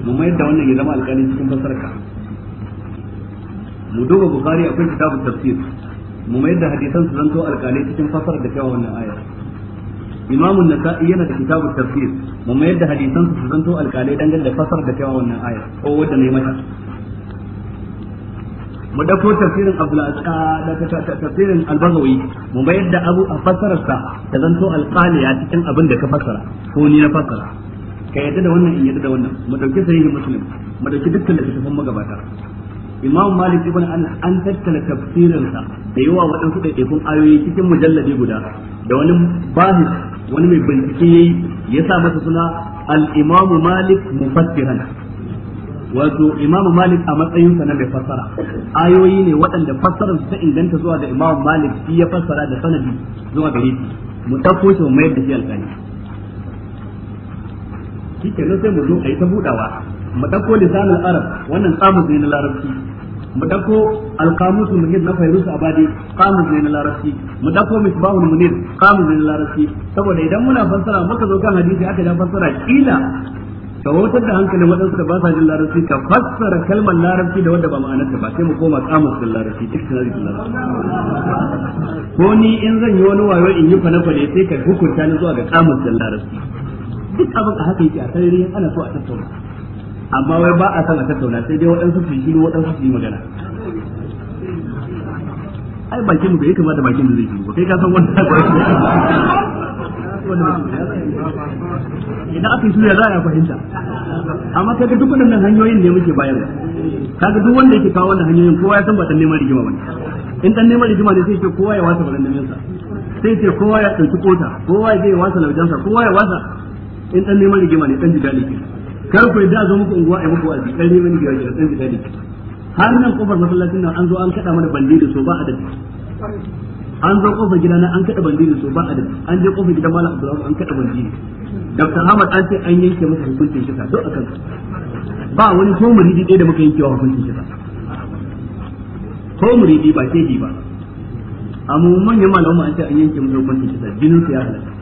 mu mayar da wannan ya zama alƙalin cikin fasarka mu duba bukhari akwai kitabun tafsir mu mayar da hadisan su zanto alƙali cikin fasar da cewa wannan ayar imamun nasa'i yana da kitabun tafsir mu mayar da hadisan su zanto alƙali dangane da fasar da cewa wannan ayar ko wanda ne mata mu dauko tafsirin Abdul ah, da tafsirin al mu bayar da abu a fassararsa da zanto alqaliya cikin abin da ka fassara ko ni na fassara ka yadda da wannan in yadda da wannan mu dauki sahihi muslim mu dauki dukkan littattafan magabata Imam Malik ibn Anas an tattala tafsirinsa da yawa waɗansu ɗaiɗaikun ayoyi cikin mujalladi guda da wani bahis wani mai bincike yayi ya sa masa suna al-Imam Malik mufassiran wato imamu malik a matsayinsa na mai fassara ayoyi ne waɗanda fassarar ta inganta zuwa ga imamu malik shi ya fassara da sanadi zuwa gare shi mu ɗauko shi mu mayar da shi alƙali shi na sai mu zo a yi ta buɗawa mu ɗauko lisanin arab wannan samun ne na larabci mu ɗauko alƙamusul munir na fayrus abadi samun ne na larabci mu ɗauko misbahul munir samun ne na larabci saboda idan muna fassara muka zo kan hadisi aka da fassara kila ka da hankalin waɗansu da ba sa jin larabci ka fassara kalmar larabci da wanda ba ma'anarta ba sai mu koma kamus din larabci duk dictionary din larabci ko ni in zan yi wani wayo in yi fane-fane sai ka hukunta ni zuwa ga kamus din larabci duk abin a haka yake a sarari ana so a tattauna amma wai ba a san a tattauna sai dai waɗansu su yi waɗansu su yi magana ai bakin mu bai kamata bakin mu zai yi ba kai ka san wannan idan aka yi suya za a fahimta amma kaga duk wannan hanyoyin ne muke bayarwa kaga duk wanda yake kawo wannan hanyoyin kowa ya san ba dan neman rigima bane in dan neman rigima ne sai ce kowa ya wasa barandamin sa sai ce kowa ya dauki kota kowa ya je wasa laujansa kowa ya wasa in dan neman rigima ne dan jidali ke kar ku yadda zo muku unguwa ai muku wazi dan neman rigima ne dan jidali har nan kofar masallacin nan an zo an kada mana bandi da so ba adadi an zo kofar gida na an kada bandiri so ba adadi an je kofar gida malam abdullahi an kada bandiri dr ahmad an ce an yanke masa hukuncin kisa duk akan ba wani ko muridi ɗaya da muka yanke wa hukuncin kisa ko muridi ba ke ba amma manyan malamu an ce an yanke masa hukuncin kisa jinin sa ya halatta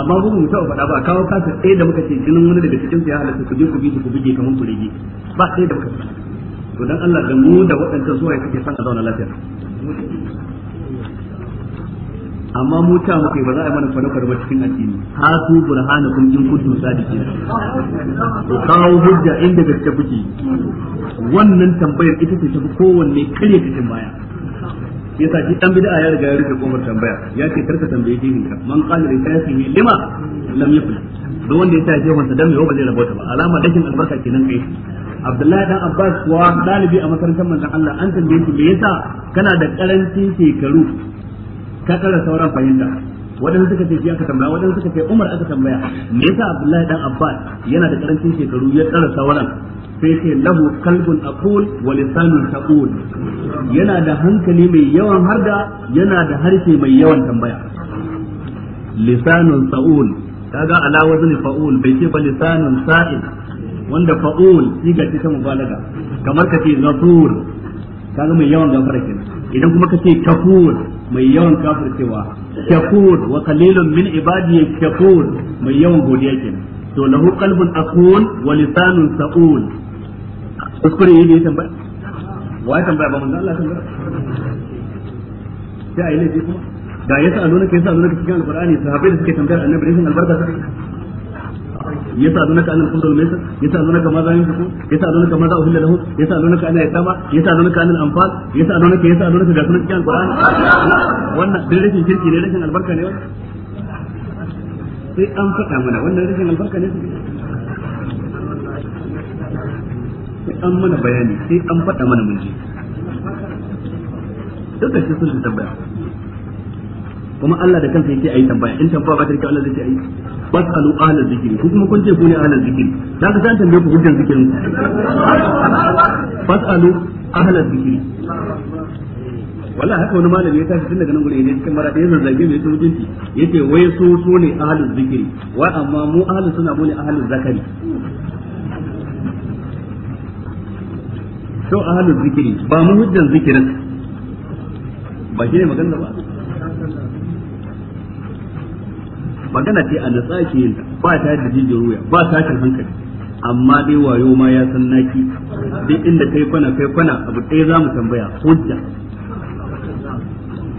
amma ba mu taɓa faɗa ba kawo kasa ɗaya da muka ce jinin wani daga cikin sa ya halatta ku je ku bi ku buge kaman ku rige ba ɗaya da muka to dan Allah da mu da waɗancan suwaye suke san a zauna lafiya amma mu ta muke ba za a yi mana fara ba cikin addini burhana kun jin kuntum sadiqin to kawo hujja inda gaske kuke wannan tambayar ita ce tafi kowanne kare cikin baya yasa shi dan bid'a ya riga ya rufe kofar tambaya ya ce karka tambaye dinin ka man qala li sayyihi lima lam yafla Don wanda ya tafi wannan dan yau ba zai rabota ba alama dakin albarka kenan kai Abdullahi dan Abbas kuwa dalibi a makarantar manzon Allah an tambaye shi me yasa kana da karancin shekaru ta kara sauran fahimta wadanda suka ce shi aka tambaya wadanda suka ce Umar aka tambaya me yasa Abdullahi dan Abbas yana da karancin shekaru ya kara sauran sai ce lahu kalbun aqul wa lisanun taqul yana da hankali mai yawan harda yana da harshe mai yawan tambaya lisanun taqul kaga ala wazn fa'ul bai ce ba lisanun sa'il wanda fa'ul siga ce ta mubalaga kamar ka ce ghafur kaga mai yawan gafara kenan idan kuma ka ce kafur mai yawan kafircewa shakur wa qalilun min ibadi shakur mai yawan godiya kenan to lahu qalbun aqul wa lisanun saqul kuskure tambaya wa tambaya ba Allah tambaya sai kuma da yasa kai cikin alqur'ani sahabbai da suke tambayar annabi rashin albarka Yasa yasalunaka anil khamr wal maisir yasalunaka ma za yunfiqun yasalunaka ma za uhilla lahum yasalunaka anil yatama yasalunaka anil anfal yasalunaka yasalunaka ga sunan cikin qur'ani wannan dai rashin kirki ne rashin albarka ne wannan sai an faɗa mana wannan rashin albarka ne sai an mana bayani sai an faɗa mana mun ji duk da sun tambaya kuma Allah da kansa yake ayi tambaya in tambaya ba ta rike Allah zai ayi fasalu ahli zikri ku kuma kun ce ku ne ahli zikri dan ka san tambaye ku hujjan zikirin fasalu ahli zikri wallahi haka wani malami ya tashi tun daga nan gure ne cikin mara ɗaya zazzage mai mutunci yake wai so so ne ahli zikiri wa amma mu ahli suna mu ne ahli zakari so ahli zikiri ba mu hujjar zikirin ba shi ne magana ba magana ce a natsa ke yin ta ba ta da jijiyar wuya ba ta tashin hankali amma dai wayo ma ya san naki duk inda kai kwana kai kwana abu ɗaya za mu tambaya hujja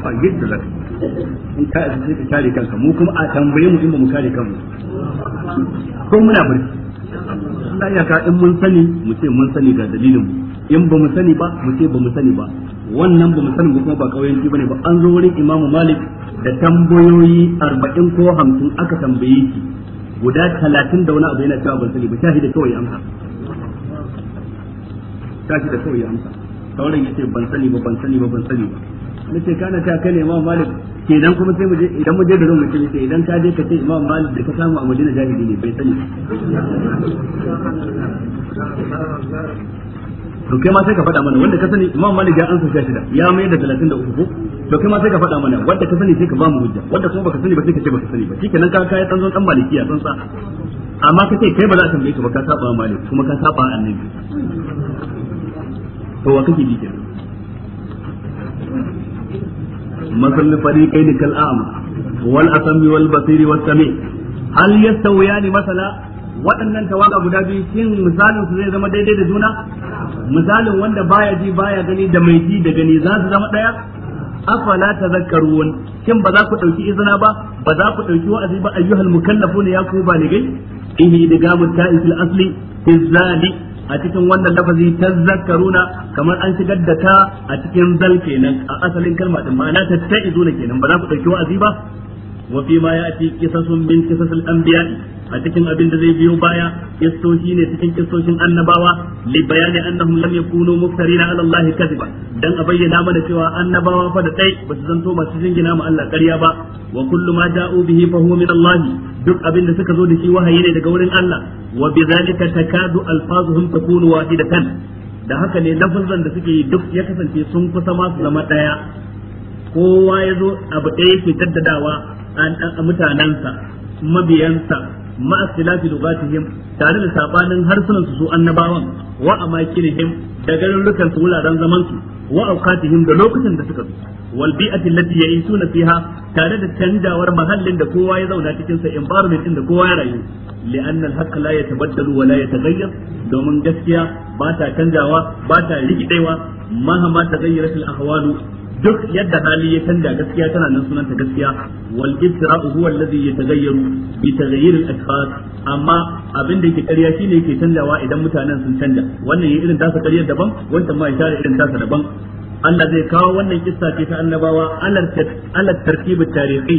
ba da za in ka isa sai ka kare kanka mu kuma a tambaye mu in ba mu kare kanmu ko muna barci Allah ya ka in mun sani mu ce mun sani ga dalilin mu in ba mu sani ba mu ce ba mu sani ba wannan ba musamman ba kuma ba ji bane ba an zo wurin Imam Malik da tambayoyi 40 ko 50 aka tambaye shi guda 30 da wani abu yana cewa ban sani ba shahida kawai amsa shahida kawai amsa sauran yace ban sani ba ban sani ba ban sani ba ce kana ta kai imamu Malik dan kuma sai mu je idan mu je da ruwan mutum sai idan ka je ka ce imamu Malik da ka samu a Madina jahili ne bai sani to kai ma sai ka faɗa mana wanda ka sani Imam Malik ya ansa shida ya mai da 33 ko to kai ma sai ka faɗa mana wanda ka sani sai ka ba mu hujja wanda kuma baka sani ba sai ka ce baka sani ba shikenan ka kai dan zo dan malikiya san sa amma ka ce kai ba za ka tambaye ka ba ka saba Malik kuma ka saba Annabi to wa kake bi kenan مثل الفريقين كالأعمى والأسم والبصير والسميع هل يستويان مثلا waɗannan tawaga guda biyu shin misalin su zai zama daidai da juna misalin wanda baya ji baya gani da mai ji da gani za su zama daya afala tazakkarun kin ba za ku dauki izina ba ba za ku dauki wa'azi ba ayyuhal ne, ya ku gai? ihi diga mutai fil asli tizali a cikin wannan lafazi tazakkaruna kamar an shigar da ta a cikin zal kenan a asalin kalma din ma'ana ta ta'izuna kenan ba za ku dauki wa'azi ba wa fi ma ya'ti qisasun min qisas al a cikin abin da zai biyo baya shi ne cikin kistocin annabawa li bayani annahum lam yakunu muftarina ala Allah kadiba dan a bayyana mana cewa annabawa fa da dai ba su zanto masu jingina ma Allah ƙarya ba wa kullu ma ja'u bihi fa huwa min Allah duk abin da suka zo da shi wahayi ne daga wurin Allah wa zalika takadu alfazuhum takunu wahidatan da haka ne lafazan da suke yi duk ya kasance sun kusa ma su zama daya kowa ya zo abu ɗaya yake taddadawa a mutanensa mabiyansa ma ikhtilafi lugatihim tare da sabanin harsunan su su annabawan wa amakinihim da garurukan su wuraren zaman su wa awqatihim da lokacin da suka zo wal bi'ati allati ya'isuna fiha tare da canjawar mahallin da kowa ya zauna cikin sa environment din da kowa ya rayu li'anna al ya la yatabaddalu wa la yataghayyar domin gaskiya ba ta canjawa ba ta rikidewa mahama duk yadda hali ya canja gaskiya tana nan sunanta gaskiya wal ibtira'u huwa alladhi yataghayyaru bi taghayyir al ashkhas amma abin da yake ƙarya shine yake canjawa idan mutanen sun canja wannan ya irin tasa ƙaryar daban wancan ma ya share irin tasa daban Allah zai kawo wannan kissa ce ta annabawa alal tartibin tarihi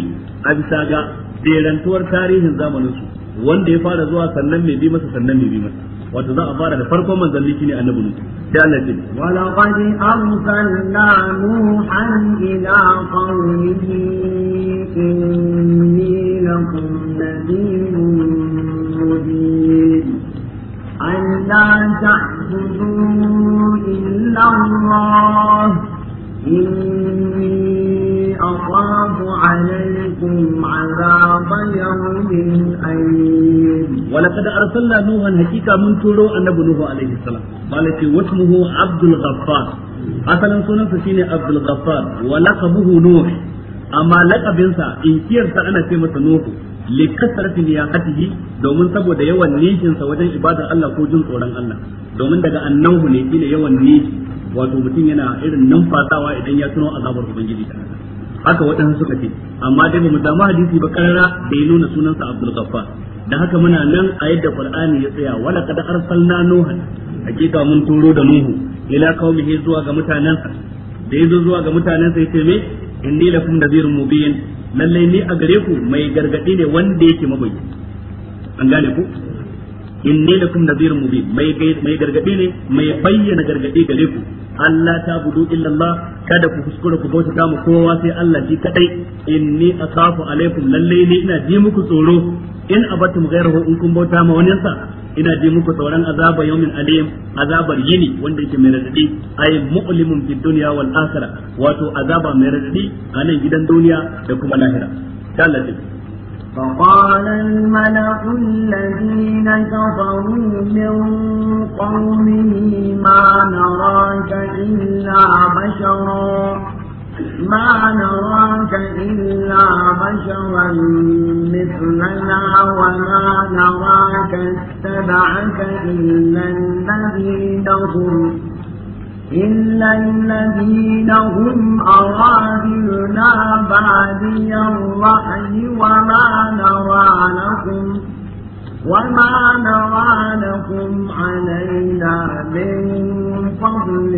a bisa ga derantuwar tarihin zamaninsu wanda ya fara zuwa sannan mai bi masa sannan mai bi masa wato za a fara da farkon manzanni shine annabi nuhu sai Allah ce wa laqad arsalna nuhan ila qaumihi inni lakum nadhirun mubin an la ta'budu illa Allah inni أخاف عليكم عذاب يوم أليم ولقد أرسلنا نوحا حقيقة من تورو النبي نوح عليه السلام قالت واسمه عبد الغفار أصلا سنة سنة عبد الغفار ولقبه نوح أما لقبنسا إن كيرت أنا كلمة نوح لكثرة نياقته دومن سبو yawan nishin sa wajen إبادة الله ko jin tsoron Allah domin daga annahu ne shine yawan wato mutum yana irin numfasawa idan ya tuno azabar ubangiji ta haka waɗansu suka ce amma dai ba mu samu hadisi ba karara bai nuna sunansa Abdul Ghaffar da haka muna nan a yadda Qur'ani ya tsaya wala kad arsalna nuha hakika mun turo da nuhu ila qaumihi zuwa ga mutanansa da yazo zuwa ga mutanansa yace me inni lakum nadhirun mubin lalle ni a gare ku mai gargadi ne wanda yake mabayi an gane ku inni lakum nadhirun mubin mai mai gargadi ne mai bayyana gargadi gare ku Allah ta budu illallah kada ku kuskura ku bauta mu kowa sai Allah shi kadai inni akhafu alaikum lalle ne ina ji muku tsoro in abatum ghayrahu in kun bauta ma wani sa ina ji muku tsoron azaba yawmin alim azabar yini wanda yake mai radadi ay mu'limun fid dunya wal akhirah wato azaba mai radadi a nan gidan duniya da kuma lahira Allah فقال الملأ الذين كفروا من قومه ما نراك إلا بشرا ما نراك إلا بشرا مثلنا وما نراك اتبعك إلا الذين هم إلا الذين هم أرادلنا بادي الرحي وما نرى لكم وما نرى لكم علينا من فضل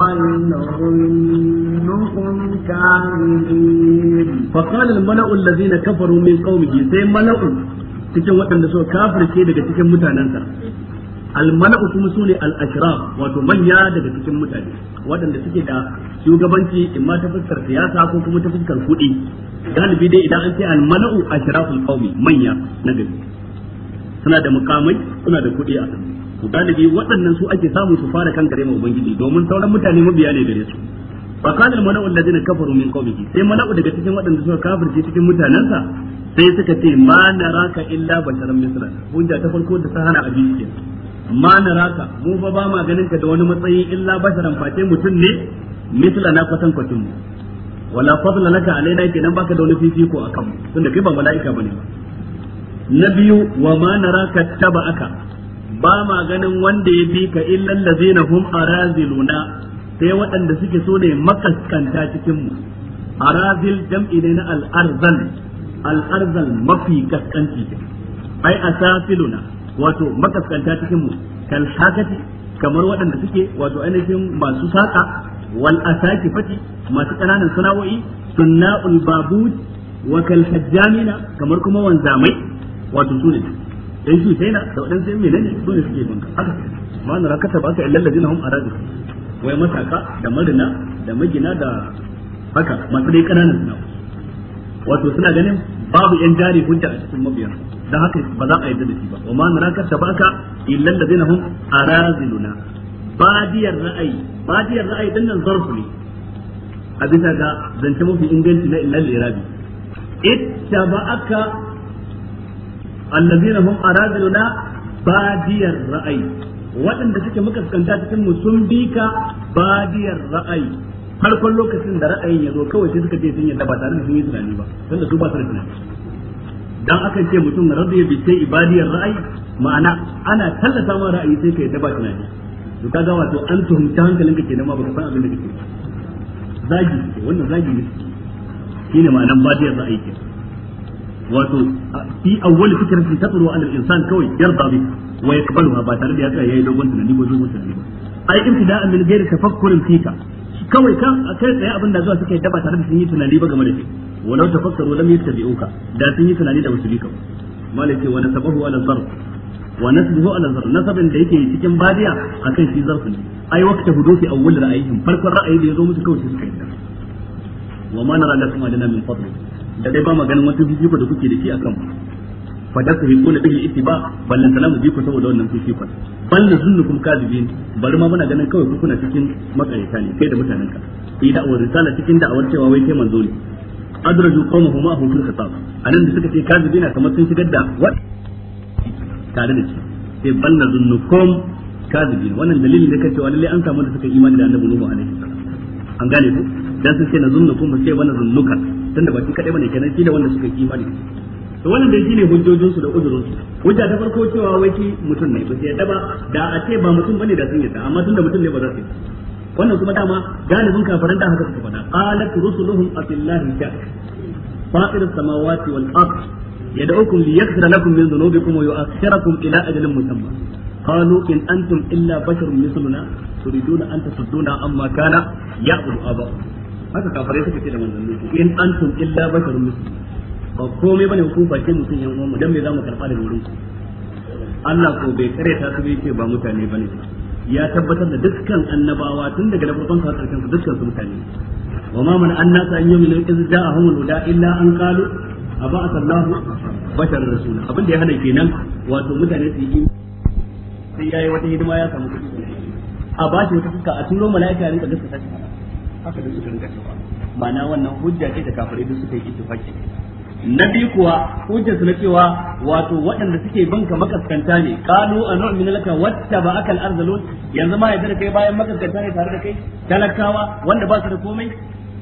بل نظنكم كاذبين فقال الملأ الذين كفروا من قومه سي ملأ cikin waɗanda suka kafirce daga cikin mutanensa almala'u kuma sune al'ashira wato manya daga cikin mutane waɗanda suke da shugabanci ma ta fuskar siyasa ko kuma ta fuskar kuɗi galibi dai idan an ce almala'u ashraful ƙaumi manya na gari suna da mukamai suna da kuɗi a kan su galibi waɗannan su ake samu su fara kan gare ma ubangiji domin sauran mutane mabiya ne gare su fa kana mala'u alladhina kafaru min qawmihi sai mala'u daga cikin waɗanda suka kafirce cikin mutanansa sai suka ce ma naraka illa basharan mislan hujja ta farko da ta hana abin ma raka mu fa ba ma ganin ka da wani matsayi illa basharan face mutum ne misla na kwatan kwatin mu wala fadla laka alaina kenan baka da wani fifiko akan mu tunda kai ba mala'ika bane na biyu wa ma naraka taba'aka ba ma ganin wanda ya bi ka illa allazina hum araziluna sai waɗanda suke so ne makaskanta cikin mu arazil jam'i ne na al arzan al-arzal mafi kaskanci ai asafiluna wato makaskanta cikin mu kal hakati kamar waɗanda suke wato ainihin masu saka wal asaki fati masu ƙananan sana'o'i sunna'ul babud wa kal hajjamina kamar kuma wanzamai wato ne dan shi sai na da waɗansu yan menene ne suke bin haka ma na rakata ba ka illal ladina hum aradu wai masaka da marina da magina da haka masu dai ƙananan sana'o'i wato suna ganin babu yan jari hujja a cikin mabiyan dan haka ba za a yarda da shi ba wa ma naraka tabaka illa alladhina hum araziluna badiyar ra'ayi badiyar ra'ayi dan nan zarfu ne a bisa ga zance mafi inganci na illal irabi ittaba'aka alladhina hum araziluna badiyar ra'ayi waɗanda suke makaskanta cikin mu sun bi ka badiyar ra'ayi farkon lokacin da ra'ayin ya zo kawai sai suka je sun yadda ba tare da sun yi tunani ba tunda su ba su da tunani dan aka ce mutum radiya bi sai ibadiyar ra'ayi ma'ana ana tallata ma ra'ayi sai kai da ba tunani to kaga wato an tuhumta hankalinka kenan ma baka san abin da kake zagi wannan zagi ne shine ma'anan badiyar ra'ayi kenan wato fi awwal fikratin tatru ala al-insan kawai yarda bi wa yakbaluha ba tare da ya tsaya yayi dogon tunani ko dogon tunani ba ai ibtida'an min ghairi tafakkurin fika kawai ka kai tsaye abin da zuwa suka yi ba tare da sun yi tunani ba game da shi walau tafakkaru lam yattabi'uka da sun yi tunani da wasu bika malaka wa nasabahu ala zarf wa nasbuhu ala zarf nasabin da yake cikin badiya akan shi zarfin ai waqta hudufi awwal ra'ayihim farkon ra'ayi da yazo musu kawai suka yi wa ma nara lakum adana min da dai ba maganin wata fifiko da kuke da shi akan fa da su hikuna bihi ittiba ballan tanamu bi ku saboda wannan fifiko ballan zunnukum kadibin bari ma muna ganin kawai kuna cikin matsayita ne kai da mutanen ka yi da'awar risala cikin da'awar a wai manzo adraju qawmuhu ma hum fil khitab anan da suka ce na kamar sun shigar da wa tare da shi sai bal nazunnukum kadibin wannan dalilin da kace wallahi an samu da suka imani da annabi nuhu alaihi salam an gane ku dan sun ce nazunnukum sai wa nazunnuka tunda ba shi kadai bane kenan shi da wanda suka imani to wannan dai shine hujjojin su da udurun su hujja ta farko cewa wai mutum ne ba sai da ba da a ce ba mutum bane da sun yadda amma tunda mutum ne ba za su yi wannan kuma dama galibin kafiran da haka suka faɗa qalat rusuluhum abillahi shak fa'ir samawati wal ard yad'ukum liyaghfira lakum min dhunubikum wa yu'akhirakum ila ajalin musamma قالوا إن أنتم إلا بشر مثلنا تريدون an تصدونا عما كان يعبد آباؤكم haka kafare suka ce da manzanni in antum illa basharun mislu ba komai bane ku ba ce mutum yan uwan mu dan me zamu karba da wurin ku Allah ko bai kare ta su bai ce ba mutane bane ya tabbatar da dukkan annabawa tun daga farkon sa karshen su dukkan su mutane wa ma man annasa an yu'minu iz a al-huda illa an qalu aba sallahu bashar rasul abin da ya hana kenan wato mutane su yi sai yayi wata hidima ya samu kudi a ba shi wata fuska a turo mala'ika ne da gaskata haka da suka rinka cewa ma'ana wannan hujja ce da kafirai duk suka yi ittifaki na biyu kuwa hujjarsu na cewa wato waɗanda suke banka makaskanta ne kalu a nu'min laka wata ba akal arzalun yanzu ma yadda kai bayan makaskanta ne tare da kai talakawa wanda ba su da komai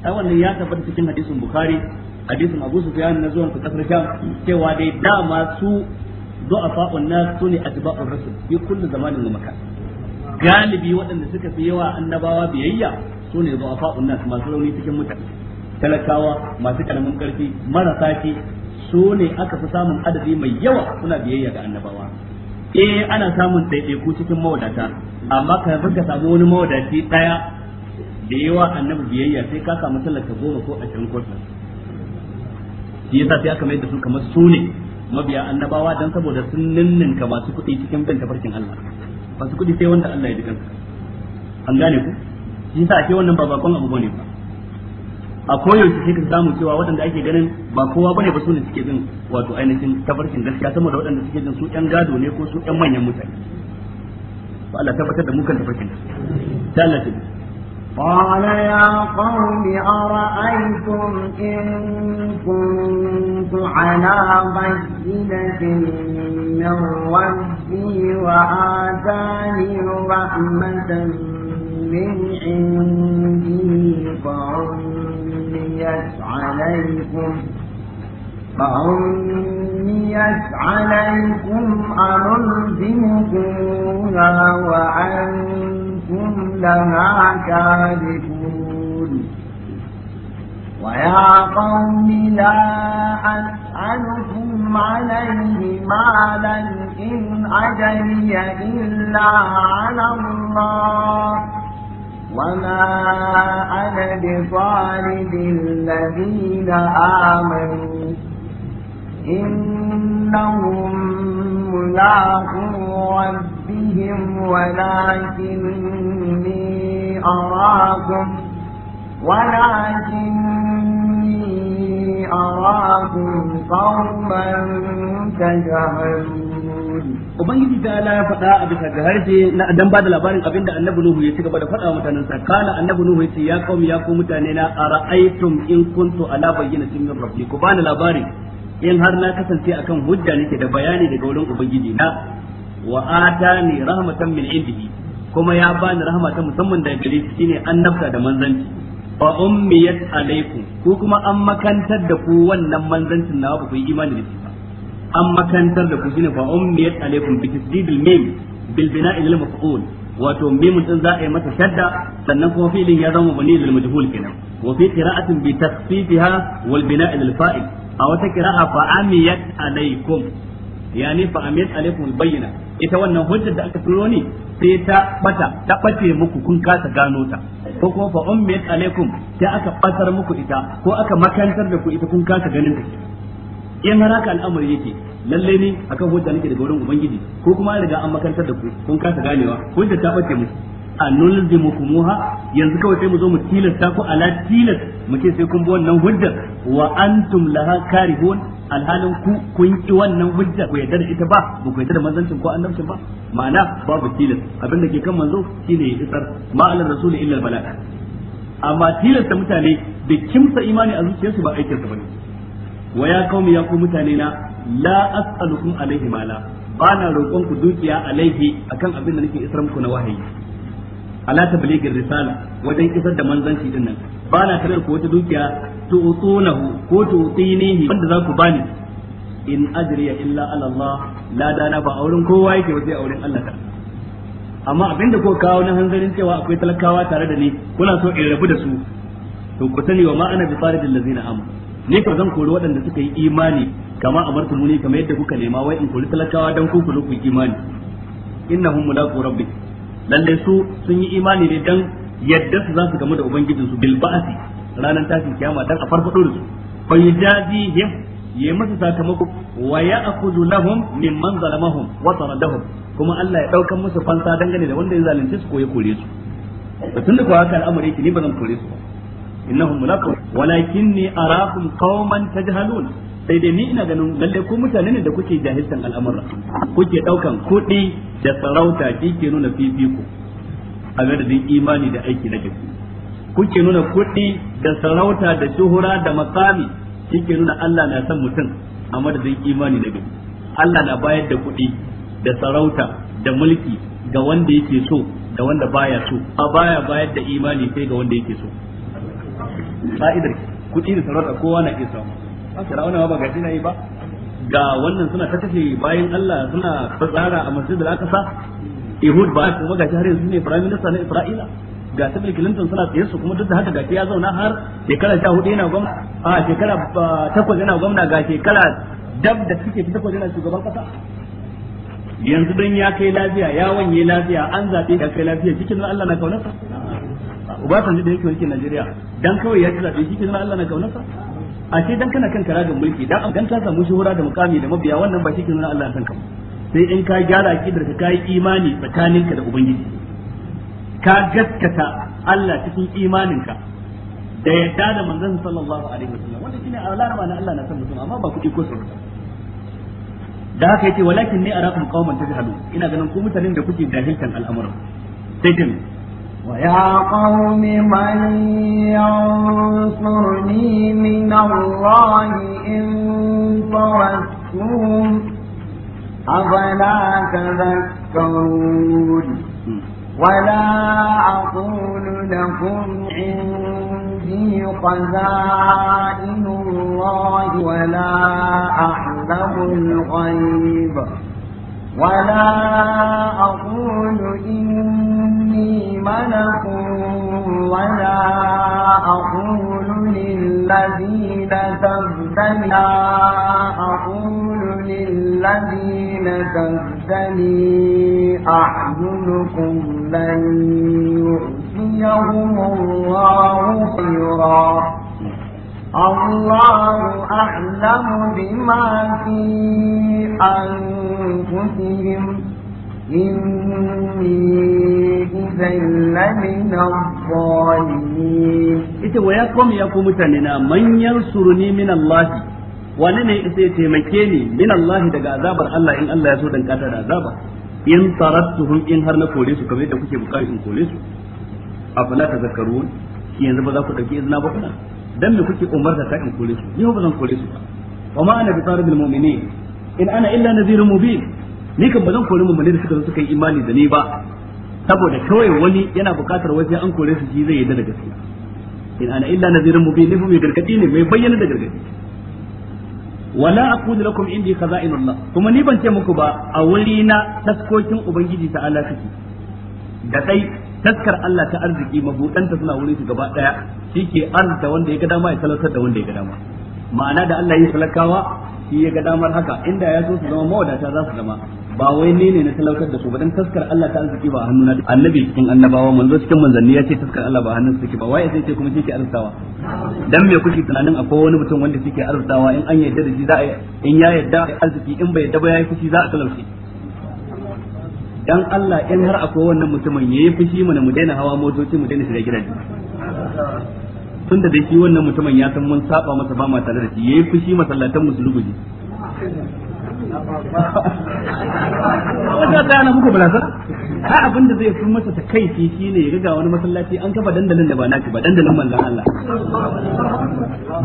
a wannan ya tabbata cikin hadisin bukhari hadisin abu sufyan na zuwan kasar sham cewa dai dama su du'afa'un su ne atba'ur rasul bi kullu zamanin wa makan galibi waɗanda suka fi yawa annabawa biyayya su sune du'afa'un su masu rauni cikin mutane talakawa masu karamin karfi marasa ce su ne aka fi samun adadi mai yawa suna biyayya ga annabawa eh ana samun ɗaiɗaiku cikin mawadata amma ka ka samu wani mawadaci ɗaya da yawa annabi biyayya sai ka samu talaka goma ko a can kotun shi yasa sai aka mai da su kamar su ne mabiya annabawa dan saboda sun ninninka masu kuɗi cikin bin tafarkin Allah masu kuɗi sai wanda Allah ya ji kansa an gane ku shi yasa ake wannan babakon bakon abu bane ba a koyaushe sai ka samu cewa waɗanda ake ganin ba kowa bane ba su ne suke jin wato ainihin tafarkin gaskiya sama da waɗanda suke jin su ƴan gado ne ko su ƴan manyan mutane fa Allah tabbatar da mu kan tafarkin ta Allah ta قال يا قوم أرأيتم إن كنت على بينة من ربي وآتاني رحمة من عندي فعلت فعميت عليكم فعميت عليكم أنلزمكموها وأنتم لها كارثون ويا قوم لا أسألكم عليه مالا إن أجري إلا على الله وما أنا بطارد الذين آمنوا إنهم ملاقو ربهم ولكني أراكم ولكني أراكم قوما تجهلون ubangiji ta la ya faɗa a bisa ga harshe na dan ba da labarin abinda annabi nuhu ya cigaba da faɗa wa mutanen sa kana annabi nuhu ya ce ya qaumi ya ku mutane na ara'aytum in kuntu ala bayyinatin min rabbi ku bani labari in har na kasance akan hujja nake da bayani daga wurin ubangiji na wa atani rahmatan min indihi kuma ya bani rahma ta musamman da gare shi shine annabta da manzanci wa ummiyat alaikum ku kuma an makantar da ku wannan manzancin nawa ba ku yi imani da shi an makantar da ku shine fa ummiyat alaikum bi tasdidil mim bil bina'i lil maf'ul wato mimun din za a yi masa shadda sannan kuma fi'lin ya zama mabni lil majhul kenan wa fi qira'atin bi takhfifiha wal bina'i lil fa'il a wata qira'a fa amiyat alaikum yani fa amiyat alaikum al bayyina ita wannan hujjar da aka turo ni sai ta bata ta bace muku kun kasa gano ta ko kuma fa ummiyat alaikum sai aka batar muku ita ko aka makantar da ku ita kun kasa ganin ta in har haka al'amari yake lalle ne akan hujja nake daga wurin ubangiji ko kuma an riga an makantar da ku kun kasa ganewa hujja ta bace mu a nulzimukumuha yanzu kawai sai mu zo mu tilasta ku ala tilas mu ce sai kun bi wannan hujjar wa antum laha karihun alhalin ku kun ki wannan hujja ku yarda da ita ba ba ku yarda da manzancin ko annabcin ba ma'ana babu tilas abin da ke kan manzo shine ya isar ma'alar rasul illa balaga amma tilasta mutane da kimsa imani a zuciyarsu ba aikinsa bane wa ya qaumi ya ku mutane na la as'alukum alaihi mala ba na roƙon ku dukiya alaihi akan abin da nake isar muku na wahayi ala tabligir risala wajen isar da manzanci din nan ba na tarar ku wata dukiya tu'tunahu ko tu'tinihi wanda za ku bani in ajriya illa ala Allah la dana ba auren kowa yake waje auren Allah ta amma abinda ko kawo na hanzarin cewa akwai talakawa tare da ni kuna so in rabu da su to ku sani wa ma ana bi faridil ladzina amanu ni ka zan kori waɗanda suka yi imani kama martu muni kamar yadda kuka nema wai in kori talakawa dan ku ku imani mula mulaqu rabbi lallai su sun yi imani ne dan yadda su za su gamu da ubangijinsu su bil ba'si ranar tashin kiyama dan a farfaɗo da su fa yajazihim ya masa sakamako wa ya'khudhu lahum mimman zalamahum wa taradahum kuma Allah ya ɗaukan musu fansa dangane da wanda ya zalunce su ko ya kore su tunda ko haka al'amari ki ni ba zan kore su ba innahum mulaqu walakinni arahum qauman tajhalun sai dai ni ina ganin lalle ku mutane ne da kuke jahiltan al'amura kuke daukan kuɗi da sarauta kike nuna fifiko a madadin imani da aiki na kike kuke nuna kuɗi da sarauta da shuhura da makami kike nuna Allah na san mutum a madadin imani na gaske Allah na bayar da kuɗi da sarauta da mulki ga wanda yake so da wanda baya so a baya bayar da imani sai ga wanda yake so fa'idar kuɗi da sarauta kowa na iya samu fir'auna ba ga shi na yi ba ga wannan suna ta tafi bayan Allah suna tsara a masjid al-aqsa ihud ba kuma ga shi har yanzu ne prime minister na isra'ila ga ta clinton suna tsaye su kuma duk da haka ga ya zauna har shekara ta hudu yana gwamna a shekara takwas yana gwamna ga shekara dab da suke ta takwas yana shugaban kasa yanzu dan ya kai lafiya ya wanye lafiya an zaɓe da kai lafiya cikin Allah na kaunarsa Obasanjo da yake wakil Najeriya dan kawai ya ci zaɓe shi ke Allah na sa a ce dan kana kan karagan mulki dan dan ka samu shuhura da mukami da mabiya wannan ba shi ke nuna Allah ya san ka sai in ka gyara akidar ka kai imani tsakaninka da ubangiji ka gaskata Allah cikin imaninka da yadda da manzon sallallahu alaihi wasallam wanda shine alarma na Allah na san mutum amma ba kuɗi ko sauran da haka yake walakin ne arakum qauman tajhalu ina ganin ku mutanen da kuke dahilkan al'amuran sai ويا قوم من ينصرني من الله إن طردتهم أفلا تذكرون ولا أقول لكم عندي خزائن الله ولا أعلم الغيب ولا أقول إني ملك ولا أقول للذين تبتلى أقول للذين تبتلي أعينكم لن يؤتيهم الله خيرا الله أعلم بما في أنفسهم إني إذا لمن الظالمين ita wa ya ya ku mutane na manyan yansuruni min wani ne ita ya taimake ni min Allah daga azabar Allah in Allah ya so dan da azaba in in har na kore su kamar yadda kuke bukari in kore su zakaru, ki yanzu ba za ku dauki izina ba kuna dan me kuke umarta ta in kore su ni ba zan kore su ba wa ma ana bi taribil mu'minin in ana illa nadhirun mubin ni kan ba zan kore mu'mini da suka zo suka yi imani da ni ba saboda kawai wani yana bukatar waje an kore su ji zai yarda da gaskiya in ana illa nadhirun mubin ni mai gargadi ne mai bayyana da gargadi wala aqulu lakum indi khaza'inullah kuma ni ban ce muku ba a wuri na taskokin ubangiji ta'ala suke da dai taskar Allah ta arziki mabudanta suna wurin su gaba daya shike arzika wanda ya ga dama ya talautar da wanda ya ga dama ma'ana da Allah ya talakawa shi ya ga damar haka inda ya so su zama mawadata za su zama ba wai ne ne na talautar da su ba dan taskar Allah ta arziki ba hannuna annabi cikin annabawa manzo cikin manzanni ya ce taskar Allah ba hannun suke ba waye sai ce kuma ke arzikawa dan me kuke tunanin akwai wani mutum wanda ke arzikawa in an yarda da shi za a in ya yarda arziki in bai yarda ba yayi kuki za a talauce dan Allah in har akwai wannan mutumin yayi fushi mana mu daina hawa motoci mu daina shiga gidaje tun da dai wannan mutumin ya san mun saba masa ba ma tare da shi yayi fushi masallatan musulmi wata ta na muku balasar zai fi masa ta kai shi ne ya ga wani masallaci an kafa dandalin da ba naki ba dandalin manzon Allah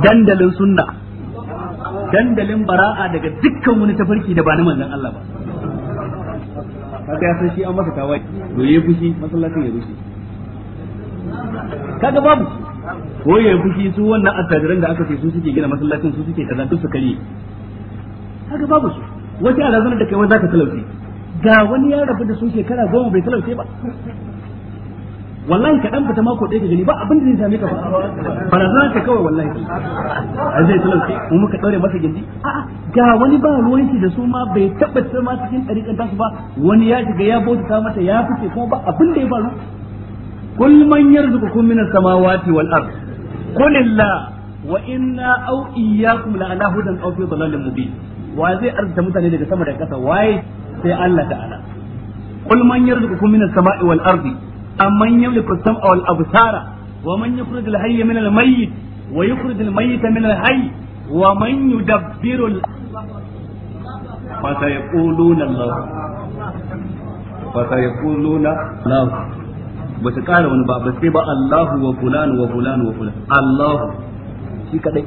dandalin sunna dandalin bara'a daga dukkan wani tafarki da ba na manzon Allah ba kaga ya san shi an masa tawaye to yayi fushi masallacin ya rushe kaga babu ko yayi fushi su wannan attajiran da aka ce su suke gina masallacin su suke kaza duk su kare kaga babu su wata alazana da kai wanda zaka talauce ga wani ya rabu da su shekara goma bai talauce ba wallahi ka dan fita mako ɗaya ka gani ba abin da zai same ka ba barazana ta kawai wallahi a zai talauci mu muka daure masa gindi a'a ga wani ba ruwan da su ma bai tabbata ma cikin ɗariƙar tasu ba wani ya shiga ya bauta mata ya fice kuma ba abin da ya faru kul man yarzuqukum minas samawati wal ard qul wa inna aw iyyakum la ala hudan aw fi mubin wa zai arzuta mutane daga sama da kasa waye sai Allah ta'ala qul man minas sama'i wal ardi amman yamliku sam'a wal absara wa man yukhrij al hayya min al wa yukhrij al mayyita min al ba Allahu Allahu kadai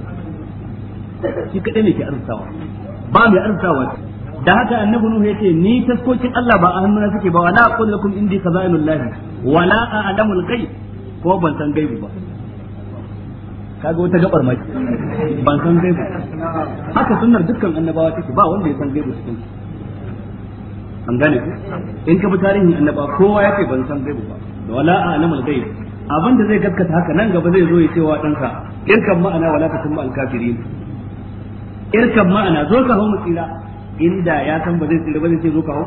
kadai ne ke arzikawa ba arzikawa da haka annabi nuhu yace ni taskokin Allah ba a hannuna suke ba wala aqul lakum indi khazainul wala a'lamul ghaib ko ban san gaibi ba kaga wata gabar maki ban san gaibu haka sunnar dukkan annabawa take ba wanda ya san gaibi cikin an gane ku in ka bi tarihin annabawa kowa yace ban san gaibi ba wala a'lamul ghaib abin da zai gaskata haka nan gaba zai zo ya ce wa ɗansa irkan ma'ana wala takum al kafirin irkan ma'ana zo ka hawo tsira inda ya san ba zai tsira ba zai ce zo kawo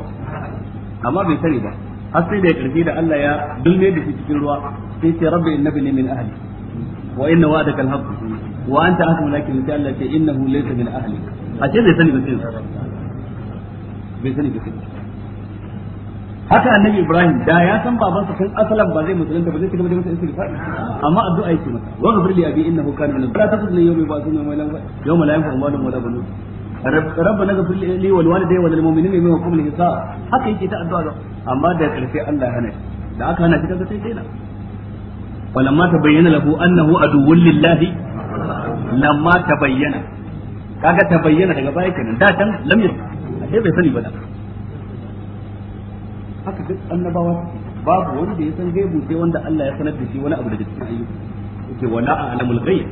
amma bai sani ba har sai da karfi da Allah ya dulme da shi cikin ruwa sai ce rabbi innabi ne min ahli wa inna wa'adaka al wa anta ahkam lakin sai Allah ce innahu laysa min ahli a ce bai sani ba sai bai sani ba haka annabi Ibrahim da ya san babansa tun asalan ba zai musulunta ba zai ci gaba da masa amma addu'a yake masa wa ghafir li abi innahu kana min al-zalimin yawmi ba'thuna wa la yawma la yanfa'u malun wa la banun rabbana ghfir li wal walidayya wal mu'minina yawma yaqumul hisab haka yake ta addu'a amma da karshe Allah ya hana shi da aka hana shi daga sai kaina walamma tabayyana lahu annahu aduwwul lillahi lamma tabayyana kaga tabayyana daga baya kenan da can lam yas sai bai sani ba da haka duk annabawa babu da ya san gaibu sai wanda Allah ya sanar da shi wani abu da cikin ayyuka yake wala a'lamul ghaib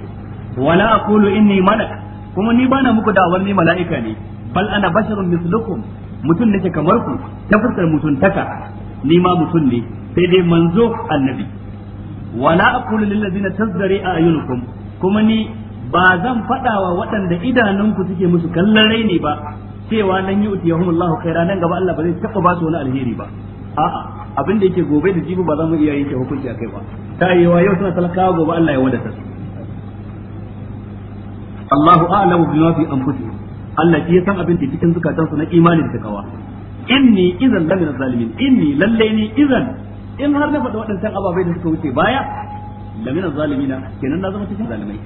wala aqulu inni malak kuma ni bana muku da'awar ni mala'ika ne bal ana basharun mislukum mutum nake kamar ku ta fuskar mutuntaka ni ma mutum ne sai dai manzo annabi wala aqulu lil ladina tazdari ayunukum kuma ni ba zan wa waɗanda idanunku suke musu kallon raini ba cewa nan yi utiyahum Allah khaira nan gaba Allah ba zai taba ba su wani alheri ba a'a abin da yake gobe da jibi ba za mu iya yanke hukunci akai ba ta yiwa yau suna talakawa gobe Allah ya wadata su Allahu a'lamu bima fi anfusihim Allah shi san abin da cikin zukatansu na imani da takawa inni idan lamina zalimin inni lalle ni idan in har na faɗi waɗancan ababai da suka wuce baya lamina zalimina kenan na zama cikin zalimai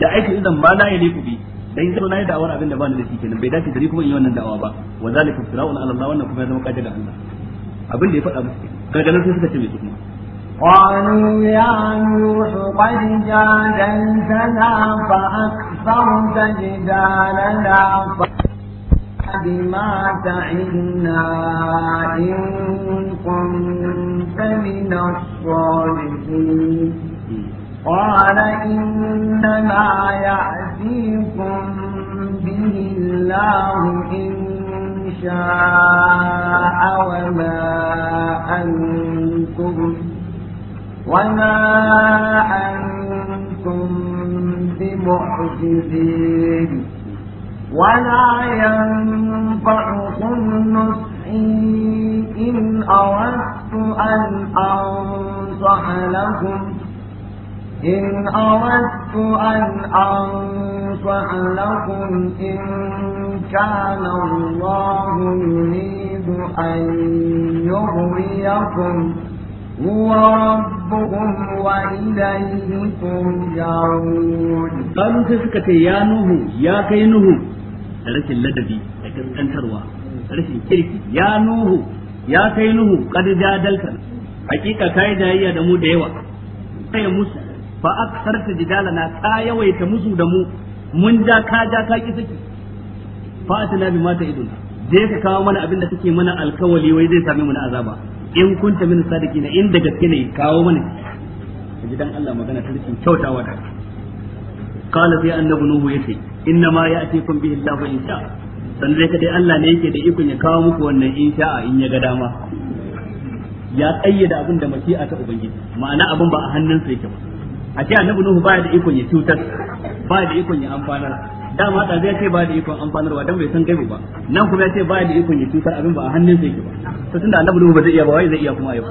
da aiki ba dan zai na yi da'awar abin da ba ni da shi kenan bai dace da ni kuma in yi wannan da'awa ba wa zalika fir'aun ala Allah wannan kuma ya zama kaje da Allah abin da ya faɗa musu kaga nan sai suka ce mai kuma قالوا يا نوح قد جادلتنا فأكثرت جدالنا بما تعدنا إن كنت من الصالحين قال إنما يأتيكم به الله إن شاء وما أنتم وما أنتم بمعجزين ولا ينفعكم نصحي إن أردت أن أنصح لكم إن أردت أن أنصح لكم إن كان الله يريد أن يغويكم هو ربكم وإليه ترجعون قالوا سيسكت يا نوح يا كي نوح rashin ladabi da gaskantarwa rashin kirki ya nuhu ya kai nuhu kad jadalta hakika ta yi jayayya da mu da yawa kai musu fa aksarta na ta yawaita musu da mu mun ja ka ja ka ki saki fa atina bi mata idon je ka kawo mana abin da suke mana alkawali wai zai same mu na azaba in kunta min sadiqina in da gaske ne kawo mana gidan Allah magana ta cikin kyautawa da qala sai annabi nuhu yace inna ma ya'tikum bihi Allahu in sha san dai kadai Allah ne yake da ikon ya kawo muku wannan in sha'a in ya ga dama ya kayyada abin da mashi'a ta ubangiji ma'ana abin ba a hannunsa yake ba a ce annabi nuhu ba da ikon ya cutar ba da ikon ya amfanar dama da zai ce ba da ikon amfanarwa dan bai san kai ba nan kuma ya ce ba da ikon ya cutar abin ba a hannun sai yake ba to tunda Allah nuhu ba zai iya ba wai zai iya kuma yau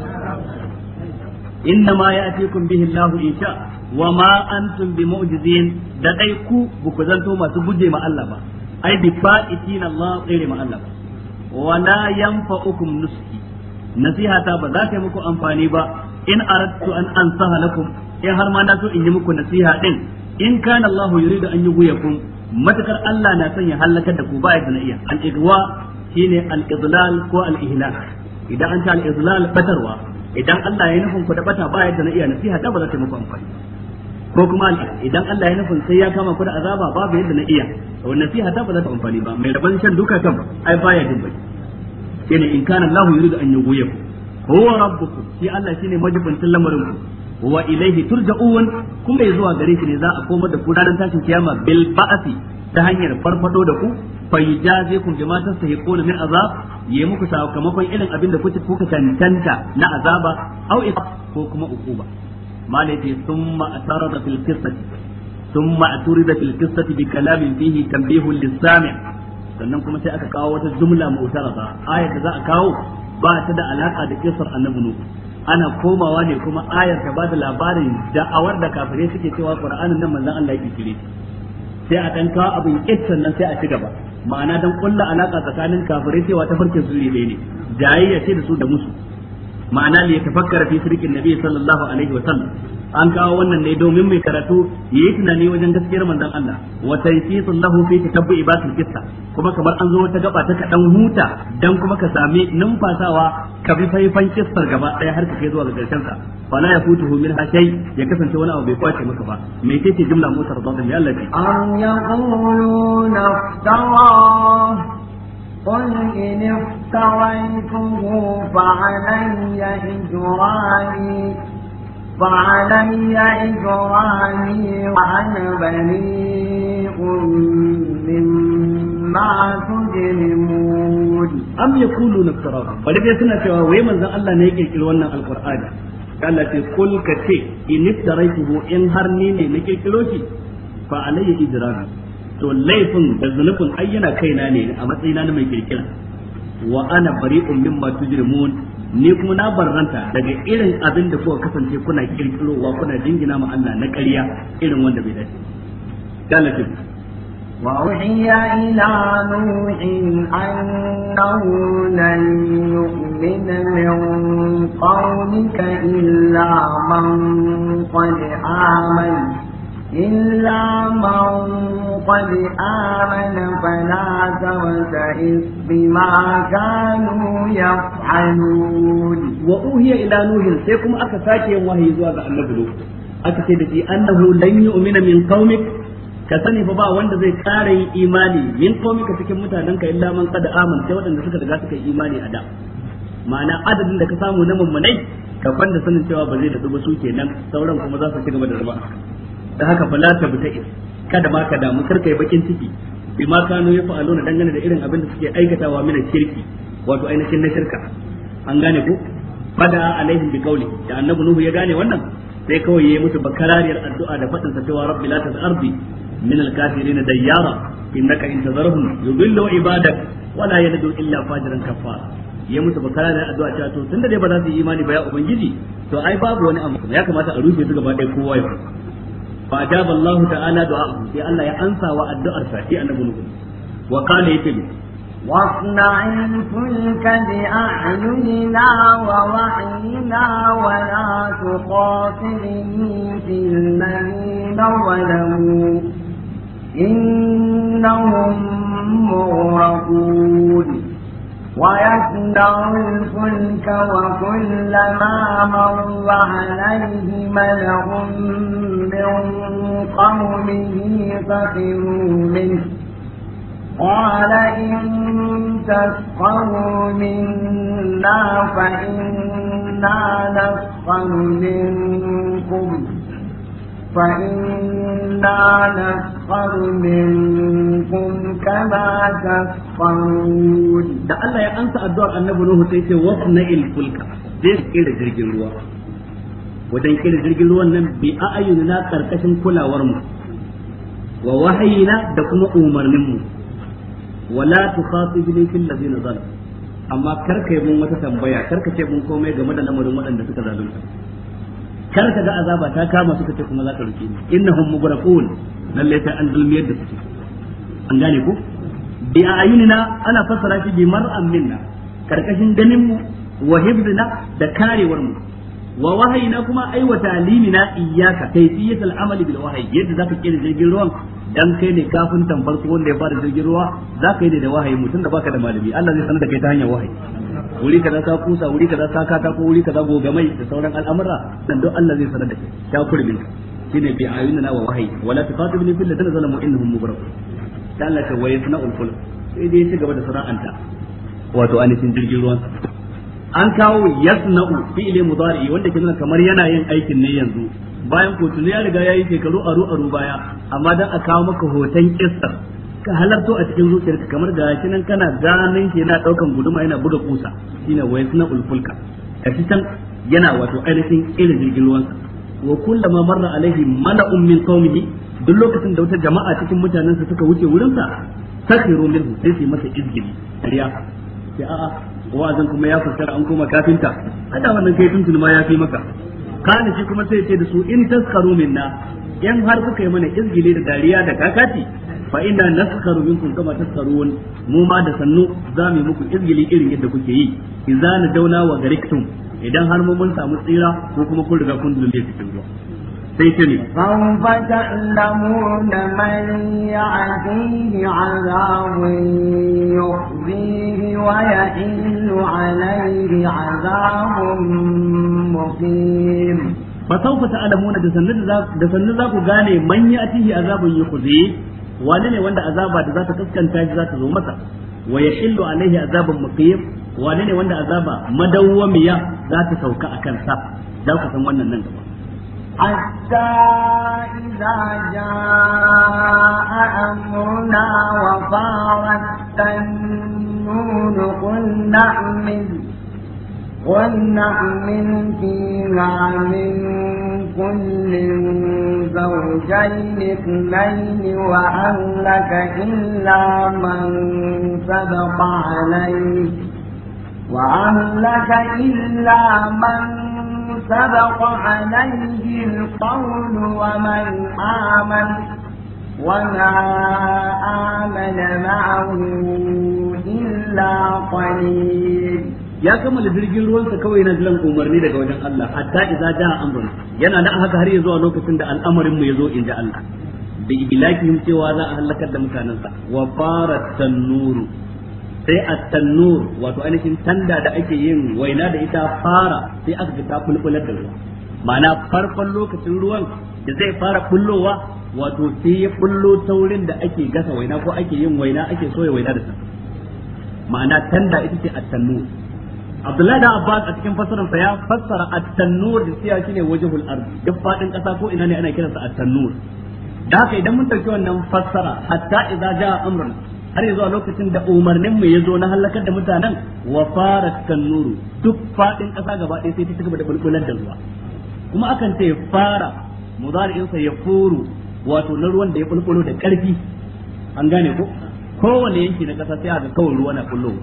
inna ma ya'tikum bihi Allahu insha wa ma antum bimu'jizin da dai ku buku zanto masu guje ma Allah ba ai bi fa'itina Allah tsere ma Allah wa la yanfa'ukum nuski nasiha ta ba za ta yi muku amfani ba in aradtu an ansaha lakum in har ma na so in yi muku nasiha din in kana Allah yuridu an yughyakum matakar Allah na son ya halakar da ku ba yadda na iya al-igwa shine al-idlal ko al-ihlal idan an ta al-idlal batarwa idan Allah ya nufin ku da bata ba yadda na iya nasiha ta ba za ta muku amfani ko kuma idan Allah ya nufin sai ya kama ku da azaba babu yadda na iya to nasiha ta ba za ta amfani ba mai rabon shan duka kan ai baya jin bai shine in kana Allah yuridu an yughyikum huwa rabbukum shi Allah shine majibantin lamarin ku wa ilaihi turja'un kuma zuwa gare shi ne za a komar da ku ranar tashin kiyama bil ba'asi ta hanyar farfado da ku kun yajazikum ta tastahiqun min azab yayi muku sakamakon irin abin da kuke kuka tantanta na azaba aw ko kuma ukuba malati thumma atarada fil qissati thumma aturida fil qissati bi kalamin fihi tanbihun lis sannan kuma sai aka kawo wata jumla mu'tarada ayat da za a kawo ba ta da alaka da kissar annabi nuh ana komawa ne kuma ayar ta ba da labarin da'awar da kafirai suke cewa qur'anin nan manzon Allah yake kire sai a dan kawo abin kitsan nan sai a ci gaba ma'ana dan kulla alaka tsakanin kafirai cewa ta farke su ne ne jayayya ce da su da musu ma'ana ne ya tafakkara fi sirkin nabi sallallahu alaihi wa sallam an kawo wannan ne domin mai karatu ya yi tunani wajen gaskiyar manzon Allah wa tayfisun lahu fi tatabbu ibatul qissa kuma kamar an zo wata gaba ta kadan huta dan kuma ka sami numfasawa ka bi faifan kissar gaba daya har ka kai zuwa ga karshen sa la yafutuhu min hakai ya kasance wani abu bai kwace maka ba me yake jumla mutar da mai Allah ya am yaquluna iftara قل إن افتريته فعلي فعلي إجرامي وأنا بريء مما تجرمون أم يقولون افتراه فلم يسنى سوى ويما زال الله نيكي كلوانا القرآن قال لك قل كتي إن افتريته إن هرنيني نيكي كلوشي فعلي إجرامي to laifin da zunubin ai yana kaina ne a matsayina na mai kirkira wa ana bari'un mimma tujrimun ni kuma na barranta daga irin abin da kuka kasance kuna kirkirowa kuna dingina ma Allah na ƙarya irin wanda bai dace dalilin وأوحي إلى نوح أنه لن يؤمن من قومك إلا من قد آمن إلا من قد آمن فلا تبتئس بما كانوا يفعلون وأوهي إلى نوح سيكم أكساكي وهي زواج النبلو أكسيدتي أنه لن يؤمن ka sani fa ba wanda zai kara yi imani min komai ka cikin mutanen ka illa man qad aman sai waɗanda suka riga suka yi imani a da Mana adadin da ka samu na mummunai ka fanda sanin cewa ba zai da dubu su nan, sauran kuma za su ci gaba da zama da haka ta tabta'is kada ma ka damu karka yi bakin ciki bima kanu na dangane da irin abin da suke aikatawa mina shirki wato ainihin na shirka an gane ku fada alaihim bi qawli da annabi nuhu ya gane wannan sai kawai yayi musu bakarariyar addu'a da fadin sa cewa rabbi la tazarbi min al-kafirin dayyara innaka in tazarhum yudillu ibadak wa la yalidu illa fajiran kafara ya musu bakarariyar addu'a cewa to tunda dai ba za su yi imani ba ya ubangiji to ai babu wani amma ya kamata a rufe su gaba ɗaya kowa ya fa ajaba Allah ta'ala du'a'ahu sai Allah ya ansa wa addu'ar sa sai annabi nuhu wa qala yace واصنع الفلك بأعيننا ووحينا ولا تخاطبني في المدين ولو إنهم مغرقون ويصنع الفلك وكلما مر عليه ملأ من قومه سخروا منه قال إن تسخروا منا فإنا نسخر منكم فإنا نسخر منكم كما تسخرون da Allah ya ansa addu'ar annabi Nuhu sai ce wasna jirgin ruwa wajen kira jirgin ruwan nan bi a'ayunina karkashin kulawar mu wa wahayina da kuma umarnin mu wala tukhatibni fil ladina zalim amma karka yi mun wata tambaya ka ce mun komai game da lamarin waɗanda suka zalunta kar ka ga azaba ta kama suka ce kuma za ka roke ni innahum mughraqun lalle ta an zulmiyar da suke an gane ko bi ayunina ana fassara shi bi mar'an minna karkashin ganin mu wa hibdina da karewar mu wa na kuma ai wa talimina iyyaka kayfiyat al-amali bil wahyi yadda zaka kira jirgin ruwan dan kai ne kafin tambar wanda ya fara jirgin ruwa zaka yi ne da wahayi mutum da baka da malami Allah zai da kai ta hanyar wahayi wuri kaza ka kusa wuri kaza ka kata ko wuri kaza goga mai da sauran al'amura dan don Allah zai sanar da kai ta kurbin shine bi ayunina wa wahayi wala tuqatibni fil ladina zalamu innahum mughraqun ta Allah ta suna ulful sai dai ya ci gaba da sana'anta wato anishin jirgin ruwan an kawo yasna'u fi'li mudari wanda ke nuna kamar yana yin aikin ne yanzu bayan ko tuni ya riga yayi shekaru aru aru baya amma dan a kawo maka hoton kissa ka halarto a cikin zuciyarka kamar da shi nan kana ganin ke yana daukan guduma yana buga kusa shine wa yasna'ul fulka kashi yana wato ainihin irin jirgin ruwansa wa kullama marra alaihi mala'un min qaumihi duk lokacin da wata jama'a cikin mutanen mutanensa suka wuce wurinsa sakhiru minhu sai su masa izgili riya sai a'a wa'azin kuma ya fassara an koma kafinta hada wannan kai tuntun ma ya fi maka kana shi kuma sai ce da su in taskaru minna 'yan har kuka yi mana izgile da dariya da kakati fa inna naskaru minkum kama taskarun mu ma da sannu za mu yi muku izgile irin yadda kuke yi idza na dauna wa gariktum idan har mun samu tsira ko kuma kun riga kun dole cikin ruwa sai ce ne sawfa ta'lamuna man ya'tihi 'adabun yukhzihi wa ya'illu 'alayhi 'adabun muqim fa sawfa ta'lamuna da sannu da sannu za ku gane man ya'tihi 'adabun yukhzihi wani ne wanda azaba da za ta kaskanta shi za ta zo masa wa yahillu alaihi azabun muqim wani ne wanda azaba madawwamiya za ta sauka a kansa za ku san wannan nan gaba حتى إذا جاء أمرنا وفارت النور قل نعمل قل نعمل فيها من كل زوجين اثنين وأهلك إلا من سبق عليه وأهلك إلا من سبق عليه القول ومن آمن وما آمن معه إلا قليل ya kammala jirgin ruwansa kawai na jiran umarni daga wajen Allah hatta idza jaa amrun yana nan haka har ya zuwa lokacin da al'amarin mu ya zo inji Allah da ilakihim cewa za a halakar da mutanensa wa farat tanuru sai a tannur wato ainihin tanda da ake yin waina da ita fara sai aka ga ta bulbular da ruwa ma'ana farkon lokacin ruwan da zai fara kullowa wato sai ya kullo ta da ake gasa waina ko ake yin waina ake soya waina da ta ma'ana tanda ita ce at-tannur Abdullahi da Abbas a cikin fassarar sa ya fassara at-tannur da siya ne wajhul ard duk faɗin kasa ko ina ne ana kiransa at-tannur da haka idan mun dauki wannan fassara hatta idza jaa amrun har yanzu a lokacin da umarnin mu ya zo na halakar da mutanen wa farat nuru duk fadin kasa gaba ɗaya sai ta cigaba da bulbulan da ruwa kuma akan ce fara mudari'in sa ya furu wato na ruwan da ya bulbulo da karfi an gane ko kowane yanki na ƙasa sai a ga kawai ruwa na kullum.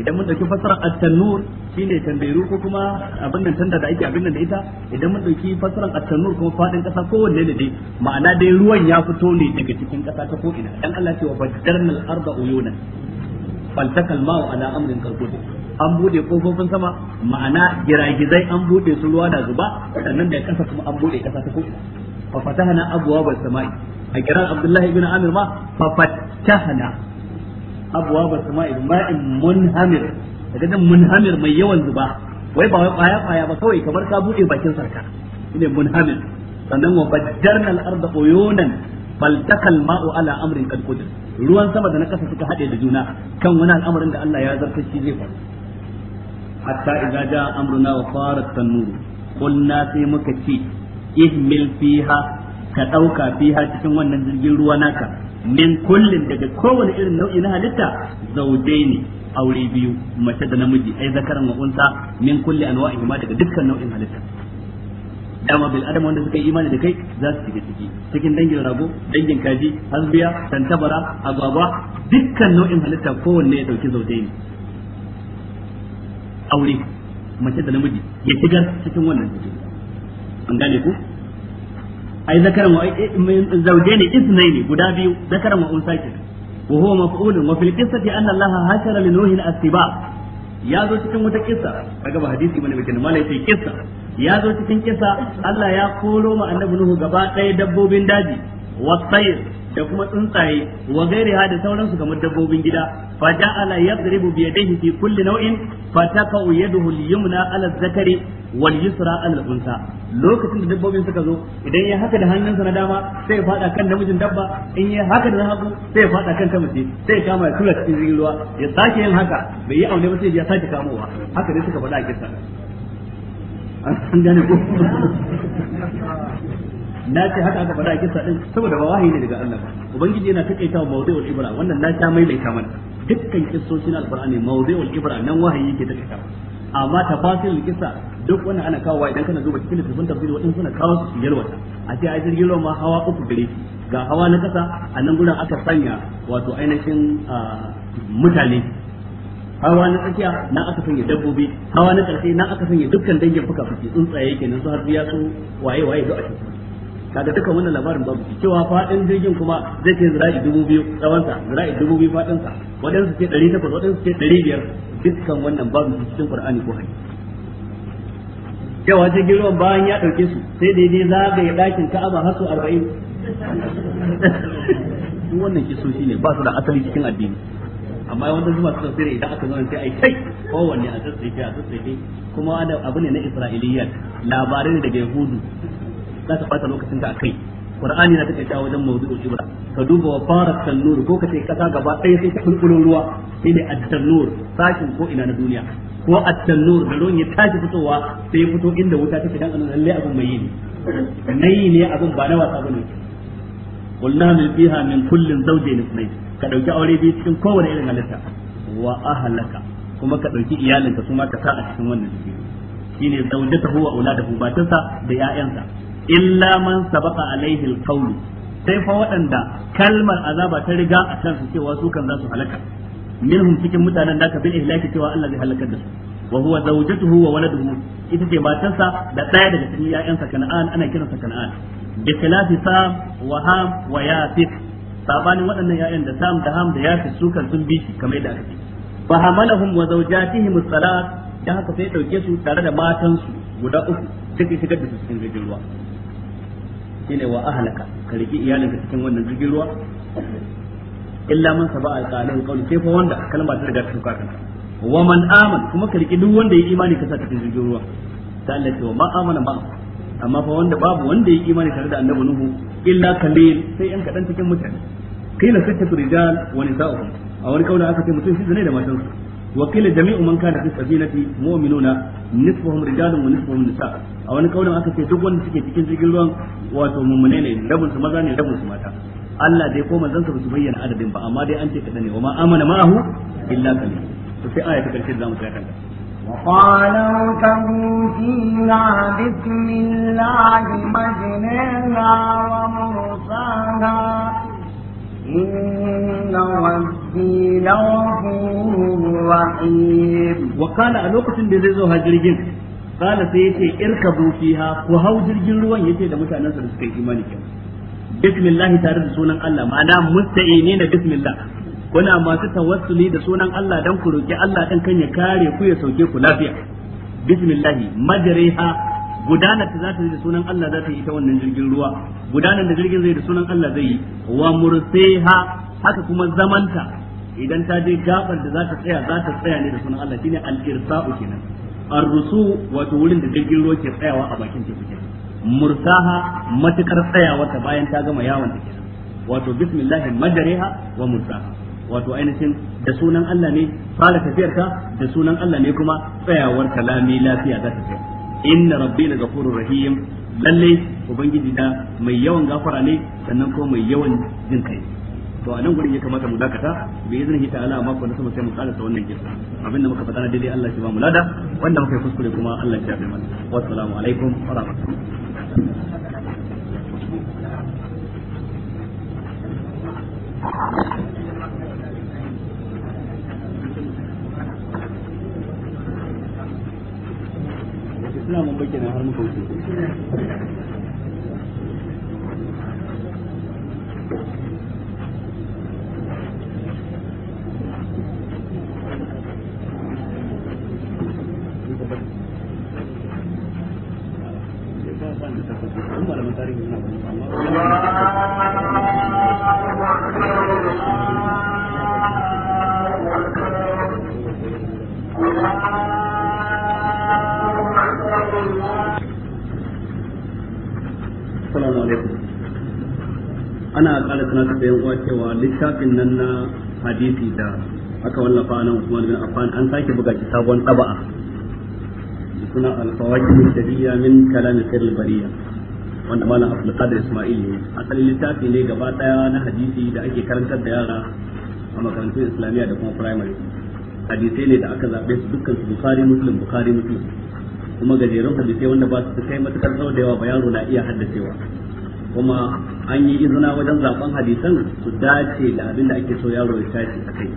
idan mun dauki fasara at-tanur shine tambayiru ko kuma abin nan tanda da ake abin nan da ita idan mun dauki fasaran at-tanur kuma fadin kasa kowanne ne dai ma'ana dai ruwan ya fito ne daga cikin kasa ta ko ina dan Allah ce wa bajjarna al-arda uyuna faltakal ma'u ala amrin qalbi an bude kofofin sama ma'ana giragizai an bude su ruwa da zuba sannan da kasa kuma an bude kasa ta ko fa fatahana abwaab as-sama'i a kiran Abdullahi ibn Amir ma fa fatahana abwaba sama'i ma'in munhamir daga nan munhamir mai yawan zuba wai ba wai kwaya kwaya ba kawai kamar ka bude bakin sarka shine munhamir sannan wa bajjarna al-arda uyunan faltakal ma'u ala amrin qad qudir ruwan sama da na kasa suka hade da juna kan wani al'amarin da Allah ya zartar shi zai faru hatta idza jaa amruna wa farat tanur qulna sai muka ce ihmil fiha ka dauka fiha cikin wannan jirgin ruwa naka min kullin daga kowane irin nau'i na halitta ne aure biyu mace da namiji ai zakaran wa min kulli anwa'i ma daga dukkan nau'in halitta dama bil adam wanda suka yi imani da kai za su shiga ciki cikin dangin rago dangin kaji hasbiya tantabara agwagwa dukkan nau'in halitta kowanne ya dauki ne. aure mace da namiji ya shiga cikin wannan cikin an gane ku ai zakaran wa zawjaini ithnaini guda biyu zakaran wa unsa ke wa huwa maf'ul wa fil qissati anna allaha hashara li nuhin asiba ya zo cikin wata kissa daga hadisi bane bikin mala yace kissa ya zo cikin kissa Allah ya koro ma annabi nuhu gaba ɗaya dabbobin daji wa da kuma tsuntsaye wa ha da sauransu kamar dabbobin gida fa ja'ala yadribu bi yadihi fi kulli naw'in fa taqa yaduhu al-yumna ala zakari wal yusra al unsa lokacin da dabbobin suka zo idan ya haka da hannunsa na dama sai ya fada kan namijin dabba in ya haka da hagu sai ya fada kan ta mace sai ya kama ya tura cikin jirgin ruwa ya sake yin haka bai yi aune ba sai ya sake kamowa haka ne suka faɗa a kissa an gane ko na ce haka aka faɗa a kissa din saboda ba wahayi ne daga Allah ba ubangiji yana takaita wa mawdu'ul ibra wannan na ta mai mana dukkan kissosin alqur'ani mawdu'ul ibra nan wahayi yake takaita amma tafasil kisa duk wani ana kawowa idan kana zuba cikin littafin tafsiri wadin suna kawo su yalwata a ce a jirgin ruwa ma hawa uku gare ga hawa na kasa a nan gudan aka sanya wato ainihin mutane hawa na tsakiya na aka sanya dabbobi hawa na karshe na aka sanya dukkan dangin fuka-fuki tsuntsaye kenan su har biya su waye-waye zuwa a cikin kaga duka wannan labarin babu shi cewa fadin jirgin kuma zai kai zira'i dubu biyu tsawonsa zira'i dubu biyu fadinsa waɗansu ce ɗari takwas waɗansu ce ɗari biyar dukkan wannan babu cikin Qur'ani ko hadisi yawa jirgin ruwan bayan ya ɗauke su sai daidai zagaye dakin ka'aba har su arba'in duk wannan kiso shi ne ba su da asali cikin addini amma wanda zuwa su tsere idan aka zo sai ai kai kowanne a tsaitsaife a tsaitsaife kuma abu ne na isra'iliyya labarai ne daga yahudu za ta bata lokacin ka a kai qur'ani na take ta wajen mawdu'ul ibra ka duba wa farat nur ko kace kasa gaba ɗaya sai ta kulkulo ruwa shine at-tannur sakin ko ina na duniya ko at-tannur da ruwan ya tashi fitowa sai ya fito inda wuta take dan annan lalle abun mai yi nayi ne abun ba na wasa bane qulna min fiha min kullin zawjin ithnayn ka dauki aure biyu cikin kowane irin halitta wa ahlaka kuma ka dauki iyalinka su ma ka sa a cikin wannan jiki shine zaujatahu wa auladahu batansa da ƴaƴansa illa man sabaqa alaihi alqawl sai fa waɗanda kalmar azaba ta riga a kansu cewa su kan za su halaka minhum cikin mutanen da ka bil ihlaki cewa Allah zai halakar da su wa huwa zawjatuhu wa waladuhu ita ce matarsa da ɗaya daga cikin ƴaƴansa kan'an ana kiransa kan'an bi khilafi sam wa ham wa yafit sabanin waɗannan ƴaƴan da sam da ham da yafit su kan sun bi shi kamar yadda aka ce fa hamalahum wa zawjatihim as-salat dan haka sai dauke su tare da matansu guda uku suka shigar da su cikin ruwa shine wa ahlaka ka riki iyalinka cikin wannan jirgin ruwa illa man saba alqalin qawl sai fa wanda kalma ta riga ta suka kan wa man aman kuma ka riki duk wanda ya imani ka sa cikin jirgin ruwa ta Allah ce ma amana ba amma fa wanda babu wanda ya imani tare da annabi nuhu illa kalil sai yan kadan cikin mutane kila sittatu rijal wa nisa'uhum a wani kauna aka ce mutum shi ne da matansu وقيل جميع من كان في السفينة مؤمنون نصفهم رجال ونصفهم نساء أو أن قولهم أكثر duk wanda suke cikin jirgin ruwan wato mummune ne rabin maza ne rabin su mata Allah dai ko manzansa ba su bayyana adadin ba amma dai an ce kadan ne wa ma amana ma'ahu illa qalil ta karshe da zamu tsaya وقالوا اركبوا فيها بسم الله مجناها ومرساها إن ربي وكان a lokacin da zai zo ha jirgin kana sai yace irkabu fiha ku hau jirgin ruwan yace da mutanen sa da suka yi tare da sunan Allah ma'ana musta'inina kuna masu tawassuli da sunan Allah dan ku roki Allah dan kan ya kare ku ya sauke ku lafiya bismillah majriha gudanar ta yi da sunan Allah za yi ta wannan jirgin ruwa gudanar da jirgin zai da sunan Allah zai yi wa mursiha haka kuma zamanta idan ta je gabar da za ta tsaya za ta tsaya ne da sunan Allah shine al-irsa'u kenan ar-rusu wato wurin da jirgin ruwa ke tsayawa a bakin teku kenan mursaha matukar tsayawa ta bayan ta gama yawon ta kenan wato bismillah majariha wa mursaha wato ainihin da sunan Allah ne fara tafiyarta da sunan Allah ne kuma tsayawar lami lafiya za ta tsaya inna rabbi la ghafurur rahim lalle ubangiji da mai yawan gafara ne sannan kuma mai yawan jin kai to a nan gurin ya kamata mu dakata bi iznihi ta'ala mako na sama sai mu karasa wannan kisa abinda muka faɗa na daidai Allah shi ba mu lada wanda muka yi kuskure kuma Allah ya shafe mana wa assalamu alaikum wa rahmatullahi suna mun sanar da yan uwa cewa littafin nan na hadisi da aka wallafa nan kuma da amfani an sake buga shi sabon taba'a suna al-fawaqid shari'a min kalam sirr bariya wanda malam Abdul Qadir Ismail ne asalin littafi ne gaba daya na hadisi da ake karantar da yara a makarantun Islamiyya da kuma primary hadisai ne da aka zabe su dukkan su Bukhari Muslim Bukhari Muslim kuma gajerun hadisai wanda ba su kai matakar sau da yawa ba yaro na iya haddacewa kuma an yi izina wajen zaben hadisan su dace da abin da ake so yaro ya tashi a kai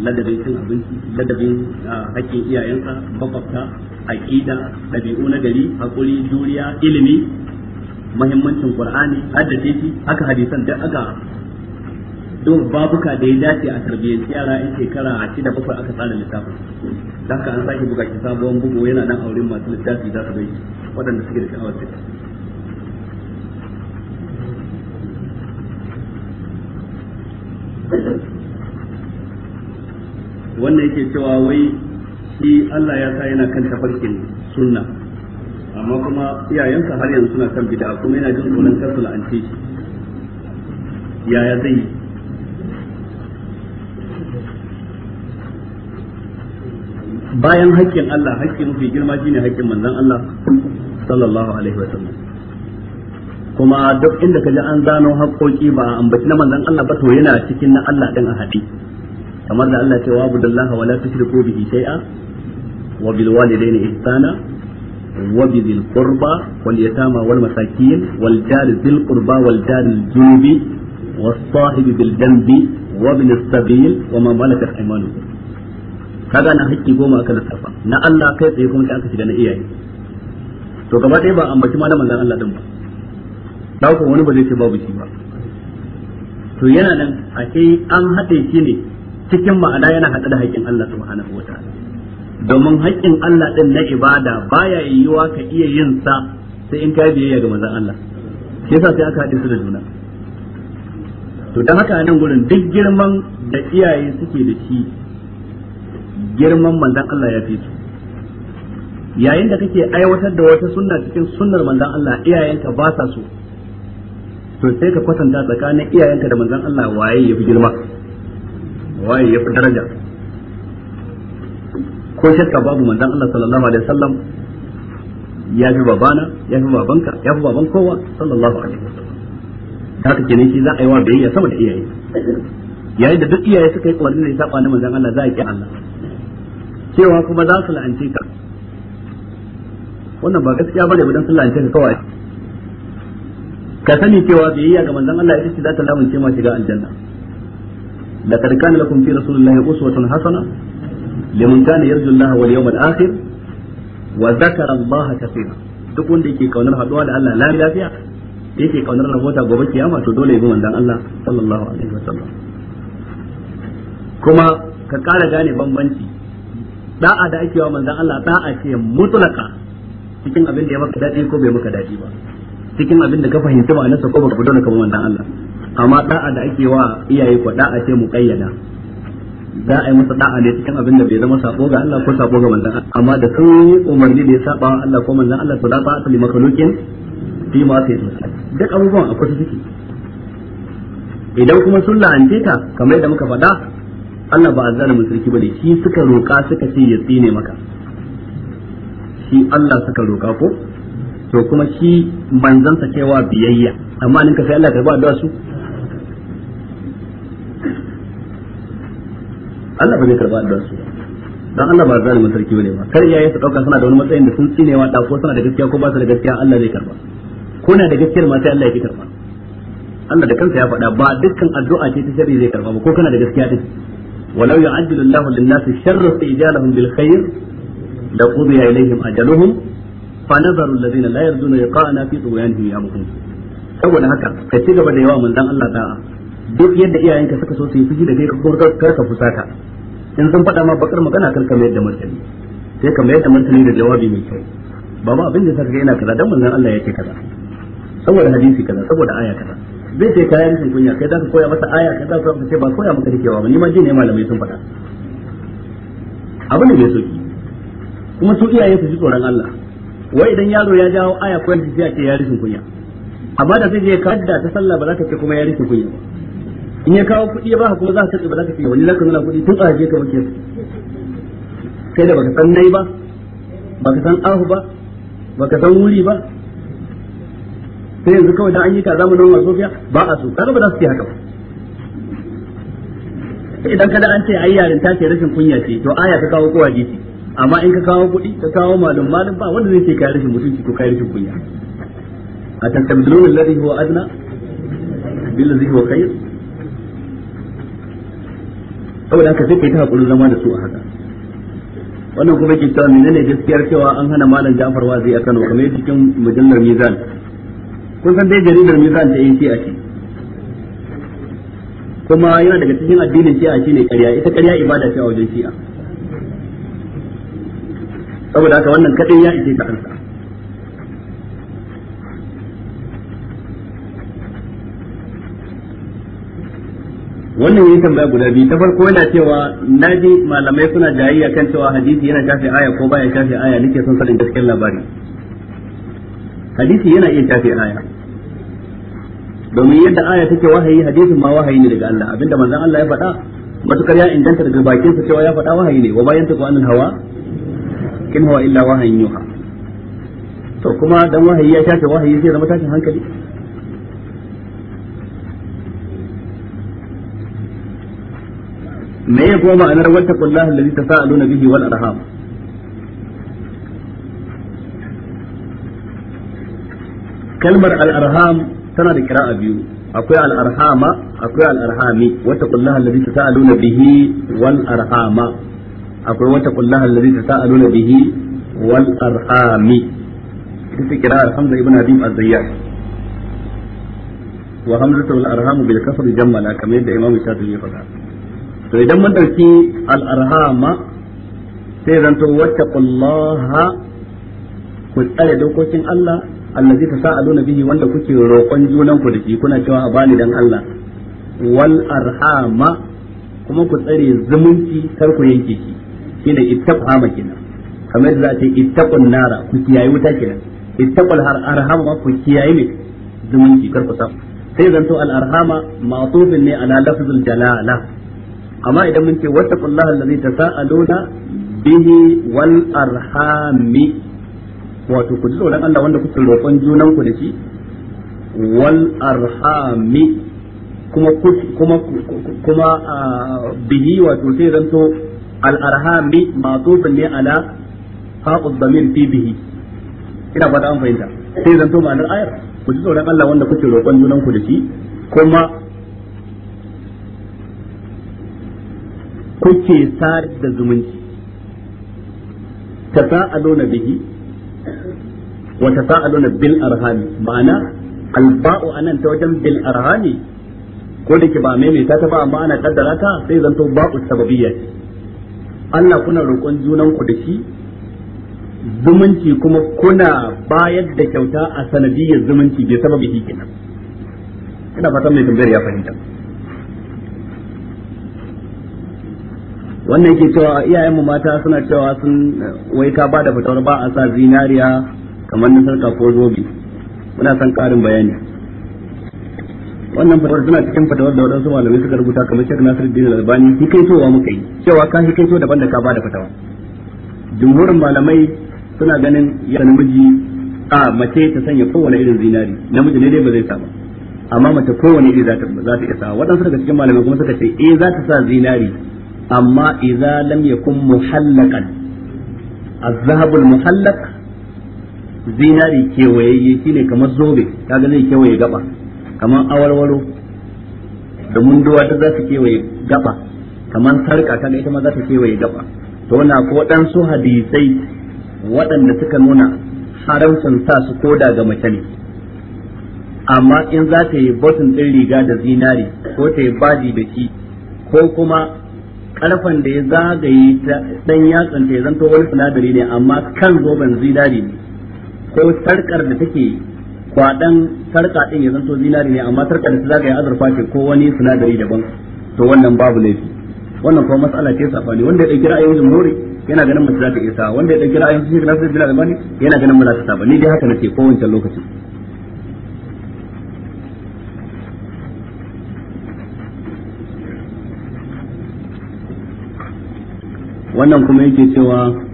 ladabin cin abinci ladabin ah, hakkin iyayensa a aƙida ɗabi'u na gari haƙuri juriya ilimi muhimmancin qur'ani haddace shi haka hadisan da aka don babuka da ya dace a tarbiyyar yara in shekara a shida bakwai aka tsara littafin da haka an sake buga shi sabuwar bugu yana nan aure masu littafi za su bai waɗanda suke da sha'awar wannan yake cewa wai shi Allah ya sa yana kan tafarkin sunna amma kuma iyayensa har yanzu suna kan bid'a kuma yana jin tsoron kar su la'ance shi yaya zai yi bayan haƙƙin Allah haƙƙi mafi girma shine haƙƙin manzon Allah sallallahu alaihi wasallam kuma duk inda ka ji an gano haƙoƙi ba a ambaci na manzon Allah ba to yana cikin na Allah din a haɗi kamar da Allah ce wa abudallahi wa la tushriku bihi shay'a wa bil walidayni ihsana wa bil qurba wal yatama wal masakin wal jari bil qurba wal jari al junubi was sahibi bil janbi wa bil sabil wa ma malakat aymanukum kaga na hakki goma aka lissafa na Allah kai tsaye kuma sai aka shiga na iyaye to gaba ɗaya ba ambaci malaman dan Allah din ba da ku wani ba zai ce babu shi ba to yana nan a kai an haɗe shi ne cikin ma'ana yana haɗe da haƙƙin Allah subhanahu wa ta'ala domin haƙƙin Allah din na ibada baya yiwuwa ka iya yin sa sai in ka biyayya ga manzon Allah shi yasa sai aka haɗe su da juna to dan haka nan gurin duk girman da iyaye suke da shi girman manzon Allah ya fi su yayin da kake aiwatar da wata sunna cikin sunnar manzon Allah iyayenka ba sa so to sai ka kwatanta tsakanin iyayenka da manzon Allah waye yafi girma waye yafi daraja ko shakka babu manzon Allah sallallahu alaihi wasallam ya fi babana ya fi babanka ya fi baban kowa sallallahu alaihi wasallam da haka kenan shi za a yi wa biyayya sama da iyaye yayin da duk iyaye suka yi kwarin da ya saba na manzon Allah za a ki Allah cewa kuma za su la'ance ka wannan ba gaskiya bane mu dan su la'ance ka kawai ka sani cewa biyayya ga manzon Allah ita ce za ta lamunce ma shiga aljanna laqad kana lakum fi rasulillahi uswatun hasana liman kana yarju Allah wal yawmal akhir wa dhakara Allah kaseera duk wanda yake kaunar haduwa da Allah lami lafiya yake kaunar rahota gobe kiyama to dole ya bi manzon Allah sallallahu alaihi sallam. kuma ka kara gane bambanci da'a da ake wa manzon Allah da'a ce mutlaka cikin abin da ya maka dadi ko bai maka dadi ba cikin abin da ka fahimci ba nasa ko baka fito na kaman wannan Allah amma da'a da ake wa iyaye ko da'a ce kayyada za a yi masa da'a ne cikin abin da bai zama sako ga Allah ko sako ga manzon Allah amma da sun yi umarni da ya saba Allah ko manzon Allah to da ba asali makalukin fi ma sai duk abubuwan akwai suke idan kuma sun la'ance ta kamar yadda muka faɗa Allah ba azzana mun sarki bane shi suka roƙa suka ce ya tsine maka shi Allah suka roƙa ko to kuma shi manzansa cewa biyayya amma ninka sai Allah karba addu'a su Allah ba zai karba addu'a su dan Allah ba zalimin sarki bane ba kar iyaye su dauka suna da wani matsayin da sun tsinewa da ko suna da gaskiya ko ba su da gaskiya Allah zai karba ko na da gaskiyar ma sai Allah ya karba Allah da kansa ya faɗa ba dukkan addu'a ce ta sharri zai karba ba ko kana da gaskiya din walau yu'ajjilu Allahu lin-nasi sharra fi ijalahum bil khair la qudiya ilayhim ajaluhum fa nazaru alladhina la yarduna liqa'ana fi ya ya'mahun saboda haka kai ci gaba da yawa dan Allah da'a duk yadda iyayenka suka so su yi fiji da kai ka karka fusata in sun faɗa ma bakar magana karka kamar yadda martani sai kamar yadda mutane martani da jawabi mai kyau ba ma abin da sarka yana kaza dan dan Allah ya kaza saboda hadisi kaza saboda aya kaza bai sai kayan sun kunya kai zaka koya masa aya kaza ko ka ce ba koya maka rikewa ba ni ma ji ne malamai sun faɗa abin da bai soki kuma su iyaye su ji tsoron Allah wai idan yaro ya jawo aya ko yanzu ya ce ya rishin kunya amma da zai je ka da ta sallah ba za ka ce kuma ya rishin kunya in ya kawo kuɗi ba kuma za ka ce ba za ka ce wani zaka nuna kuɗi tun a je ka wuce su kai da baka san nai ba baka san ahu ba baka san wuri ba sai yanzu kawai da an yi kaza mu nan wa sofiya ba a so kaga ba za su yi haka ba idan kada an ce ayyarin yarin ta ce rashin kunya ce to aya ta kawo kowa jiki amma in ka kawo kuɗi ka kawo malum malum ba wanda zai ce kai rashin mutunci ko kai rashin kunya a tantabdulun alladhi huwa adna zai huwa khair saboda haka sai kai ta hakuri zama da su a haka wannan kuma ke cewa ne gaskiyar cewa an hana malam Ja'far Wazi a Kano kamar cikin mujallar Mizan kun san dai jaridar Mizan ta yanki a ce kuma yana daga cikin addinin shi'a shine ƙarya ita ƙarya ibada ce a wajen shi'a saboda haka wannan kadai ya ishe ta ansa wannan yayin tambaya guda biyu ta farko yana cewa naji malamai suna jayayya kan cewa hadisi yana shafe aya ko baya shafe aya nake son sanin gaskiyar labari hadisi yana iya shafe aya domin yadda aya take wahayi hadisin ma wahayi ne daga Allah abinda manzon Allah ya faɗa matukar ya inganta daga bakin sa cewa ya faɗa wahayi ne wa bayan ta anil hawa in huwa illa wahayin yuha to kuma dan wahayi ya tashi wahayi zai zama tashin hankali me ya kuma ma'anar wata kullahi lalli ta sa'aluna bihi wal arham kalmar al arham tana da kira'a biyu akwai al arhama akwai al arhami wata kullahi lalli ta sa'aluna bihi wal arhama akwai wata kullaha allazi tasaaluna bihi wal arhami ita ce kira hamza ibn habib az-zayyad wa hamzatu wal arhamu bil kasr jammala kamar da imam shafi'i ya faɗa to idan mun dauki al arhama sai zanto wata kullaha ku tsare dokokin Allah allazi tasaaluna bihi wanda kuke roƙon junan ku da shi kuna cewa a bani dan Allah wal arhama kuma ku tsare zumunci kar ku yanke shi shine ittaqha makina kamar da za a ce ittaqun nara ku kiyaye wuta kenan ittaqul har arhama ku kiyaye ne zumunci kar ku sa sai zanto al arhama ma'tufin ne ala lafzul jalala amma idan mun ce wattaqullaha allazi tasaaluna bihi wal arhami wato ku ji dan Allah wanda kuke roƙon junan ku da shi wal arhami kuma kuma kuma ah, bihi wato sai zanto الأرهام معطوف على فاء الضمير في به ina fata an fahimta sai zan to ma'anar ayar ku ji tsoron Allah wanda kuke roƙon junan ku da shi kuma kuke sar da zumunci ta sa sa'aluna bihi wa ta sa'aluna bil arhami ma'ana alba'u anan ta wajen bil arhami ko da ke ba maimaita ta ba amma ana kaddara ta sai zan to ba'u sababiyya Allah kuna roƙon junanku da shi zumunci kuma kuna bayar da kyauta a sanadiyar zumunci bai bai shi nan ina fatan mai tambayar ya fahimta wannan ke cewa iyayenmu mata suna cewa sun wai ka bada fitowar ba a sa zinariya kamar na sarka ko zobi muna son karin bayani wannan fatawar tana cikin fatawar da waɗansu malamai suka rubuta kamar Sheikh Nasiruddin Al-Albani hikaitowa muka yi cewa ka hikaito daban da ka bada fatawa jumhurin malamai suna ganin ya namiji a mace ta sanya kowane irin zinari namiji ne dai ba zai sa ba amma mace kowane iri za ta iya sa waɗansu daga cikin malamai kuma suka ce eh za ta sa zinari amma idza lam yakun muhallaqan azhabul muhallaq zinari kewayayye shine kamar zobe kaga zai kewaye gaba kamar awarwaro da munduwa duk za su kewaye gaba kamar sarka kaga ita ma za su kewaye gaba to na ko dan su hadisai waɗanda suka nuna haramcin sa su koda ga mace ne amma in za ta yi botin ɗin riga da zinari ko ta yi baji da shi ko kuma karfan da ya zagaye ta ɗan yatsan ta zanto wani sinadari ne amma kan zoben zinari ne ko sarkar da take kwadan sarka din ya zanto zinari ne amma sarka da yi azurfa ke ko wani sinadari daban to wannan babu laifi wannan kuma mas'ala ce safani wanda ya dauki ra'ayin jumhuri yana ganin mace za ta isa wanda ya dauki ra'ayin shi Nasir bin Albani yana ganin mace za ta ba ni dai haka nake ko wancan lokacin wannan kuma yake cewa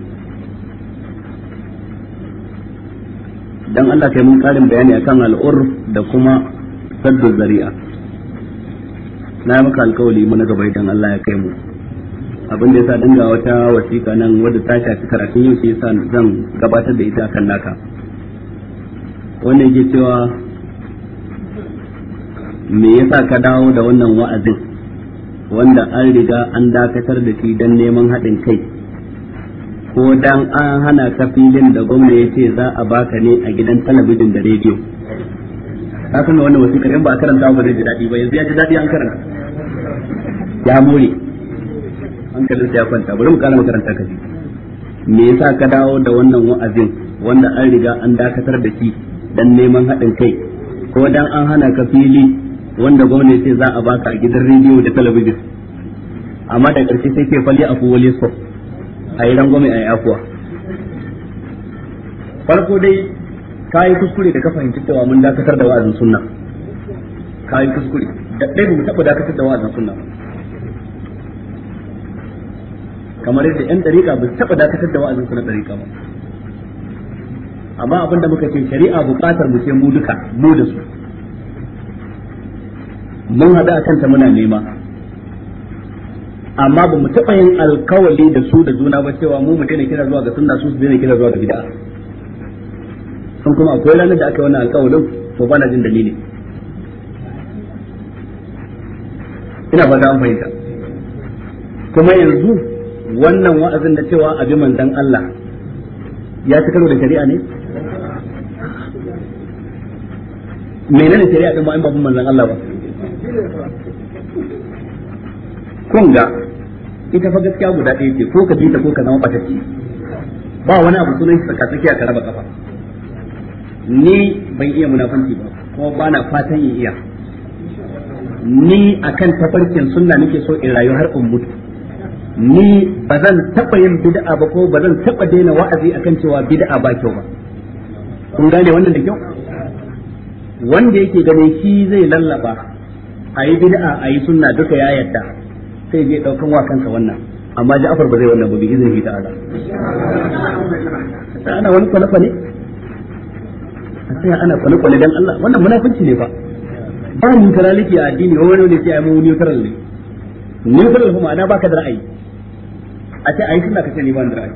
dan Allah kai mun karin bayani akan al'urf da kuma saddu zari'a na maka alkawali mu na gaba idan Allah ya kai mu abin da yasa dinga wata wasiƙa nan wadda ta shafi karatun yau sai yasa zan gabatar da ita akan naka wannan yake cewa me yasa ka dawo da wannan wa'azin wanda an riga an dakatar da shi dan neman haɗin kai ko dan an hana ka filin da gwamna ya ce za a baka ne a gidan talabijin da rediyo ka san wannan wasiƙar in ba a karanta ba zai ji daɗi ba yanzu ya ji daɗi an karanta ya more hankalinsa ya kwanta bari mu kara makaranta ka ji me yasa ka dawo da wannan wa'azin wanda an riga an dakatar da shi dan neman haɗin kai ko dan an hana ka fili wanda gwamnati ce za a baka a gidan rediyo da talabijin amma da ƙarshe sai ke fali a fuwale so a yi rangwame a afuwa farko dai ka yi kuskure da ka fahimci cewa mun dakatar da wa'azin sunna ka yi kuskure da ɗaya ba mu taɓa dakatar da wa'azin sunna kamar yadda 'yan ɗariƙa ba su taɓa dakatar da wa'azin sunna ɗariƙa ba amma abin da muka ce shari'a buƙatar mu ce mu duka mu da su mun haɗu a kanta muna nema amma ba mu taɓa yin alkawali da su da juna ba cewa mu mu daina kira zuwa ga sunna su su daina kira zuwa ga bid'a kun kuma akwai ranar da aka yi wannan alkawalin to ba na jin dalili ina ba an fahimta kuma yanzu wannan wa'azin da cewa abi manzon Allah ya ci karo da shari'a ne menene shari'a din ba in babu manzon Allah ba kun ga ita fa gaskiya guda ɗaya ce ko ka jita ko ka zama ɓatacci, ba wani abu sunan shi tsaka tsakiya ka raba kafa ni ban iya munafanci ba kuma ba na fatan in iya ni akan tafarkin sunna nake so in rayu har in mutu ni ba zan taɓa yin bid'a ba ko ba zan taɓa daina wa'azi akan cewa bid'a ba kyau ba kun gane wannan da kyau wanda yake gane shi zai lallaba a yi bid'a a yi sunna duka ya yadda sai je daukan wa kansa wannan amma Ja'far ba zai wannan ba bi izini ta'ala ana wani kwale-kwale sai ana kwale-kwale dan Allah wannan munafinci ne fa ba neutrality a addini wani ne sai ai mu neutral ne neutral kuma ana baka da ra'ayi a ce ai ka kace ni ba da ra'ayi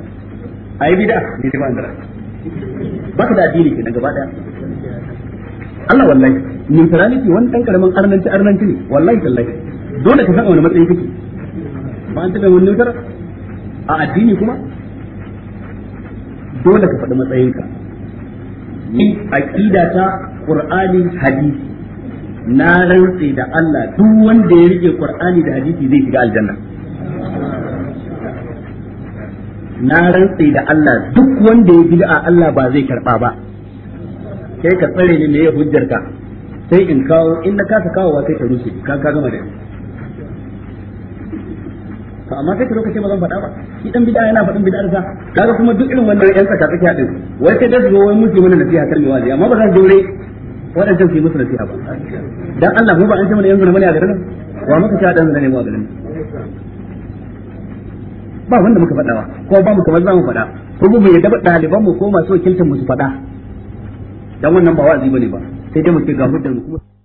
ai bid'a ni ba da ra'ayi baka da addini kenan gaba daya Allah wallahi neutrality wani dan karamin arnanci arnanci ne wallahi tallahi dole ka san wani matsayi kake amma an taɓa wani wutar a addini kuma dole ka faɗi matsayinka ni aqida ta qur'ani hadisi na rantse da Allah duk wanda ya rike qur'ani da hadisi zai shiga aljanna na rantse da Allah duk wanda ya bid'a Allah ba zai karba ba kai ka tsare ni me hujjarka sai in kawo in na kasa kawo sai ka rushe ka ka gama da ni to amma sai ka zo ka ce ba zan faɗa ba shi dan bid'a yana faɗin bid'ar sa kaga kuma duk irin wannan yan saka tsakiya hadin wai sai da zuwa wai muji mana nasiha kar mai wazi amma ba zan dore waɗancan su yi musu nasiha ba dan Allah mu ba an ce mana yanzu na mali a garin wa muka sha dan zane mu a garin ba wanda muka faɗawa ko ba mu kamar zamu faɗa ko mu yadda ɗaliban mu ko masu wakiltar mu su faɗa dan wannan ba wazi bane ba sai dai mu ce ga mu kuma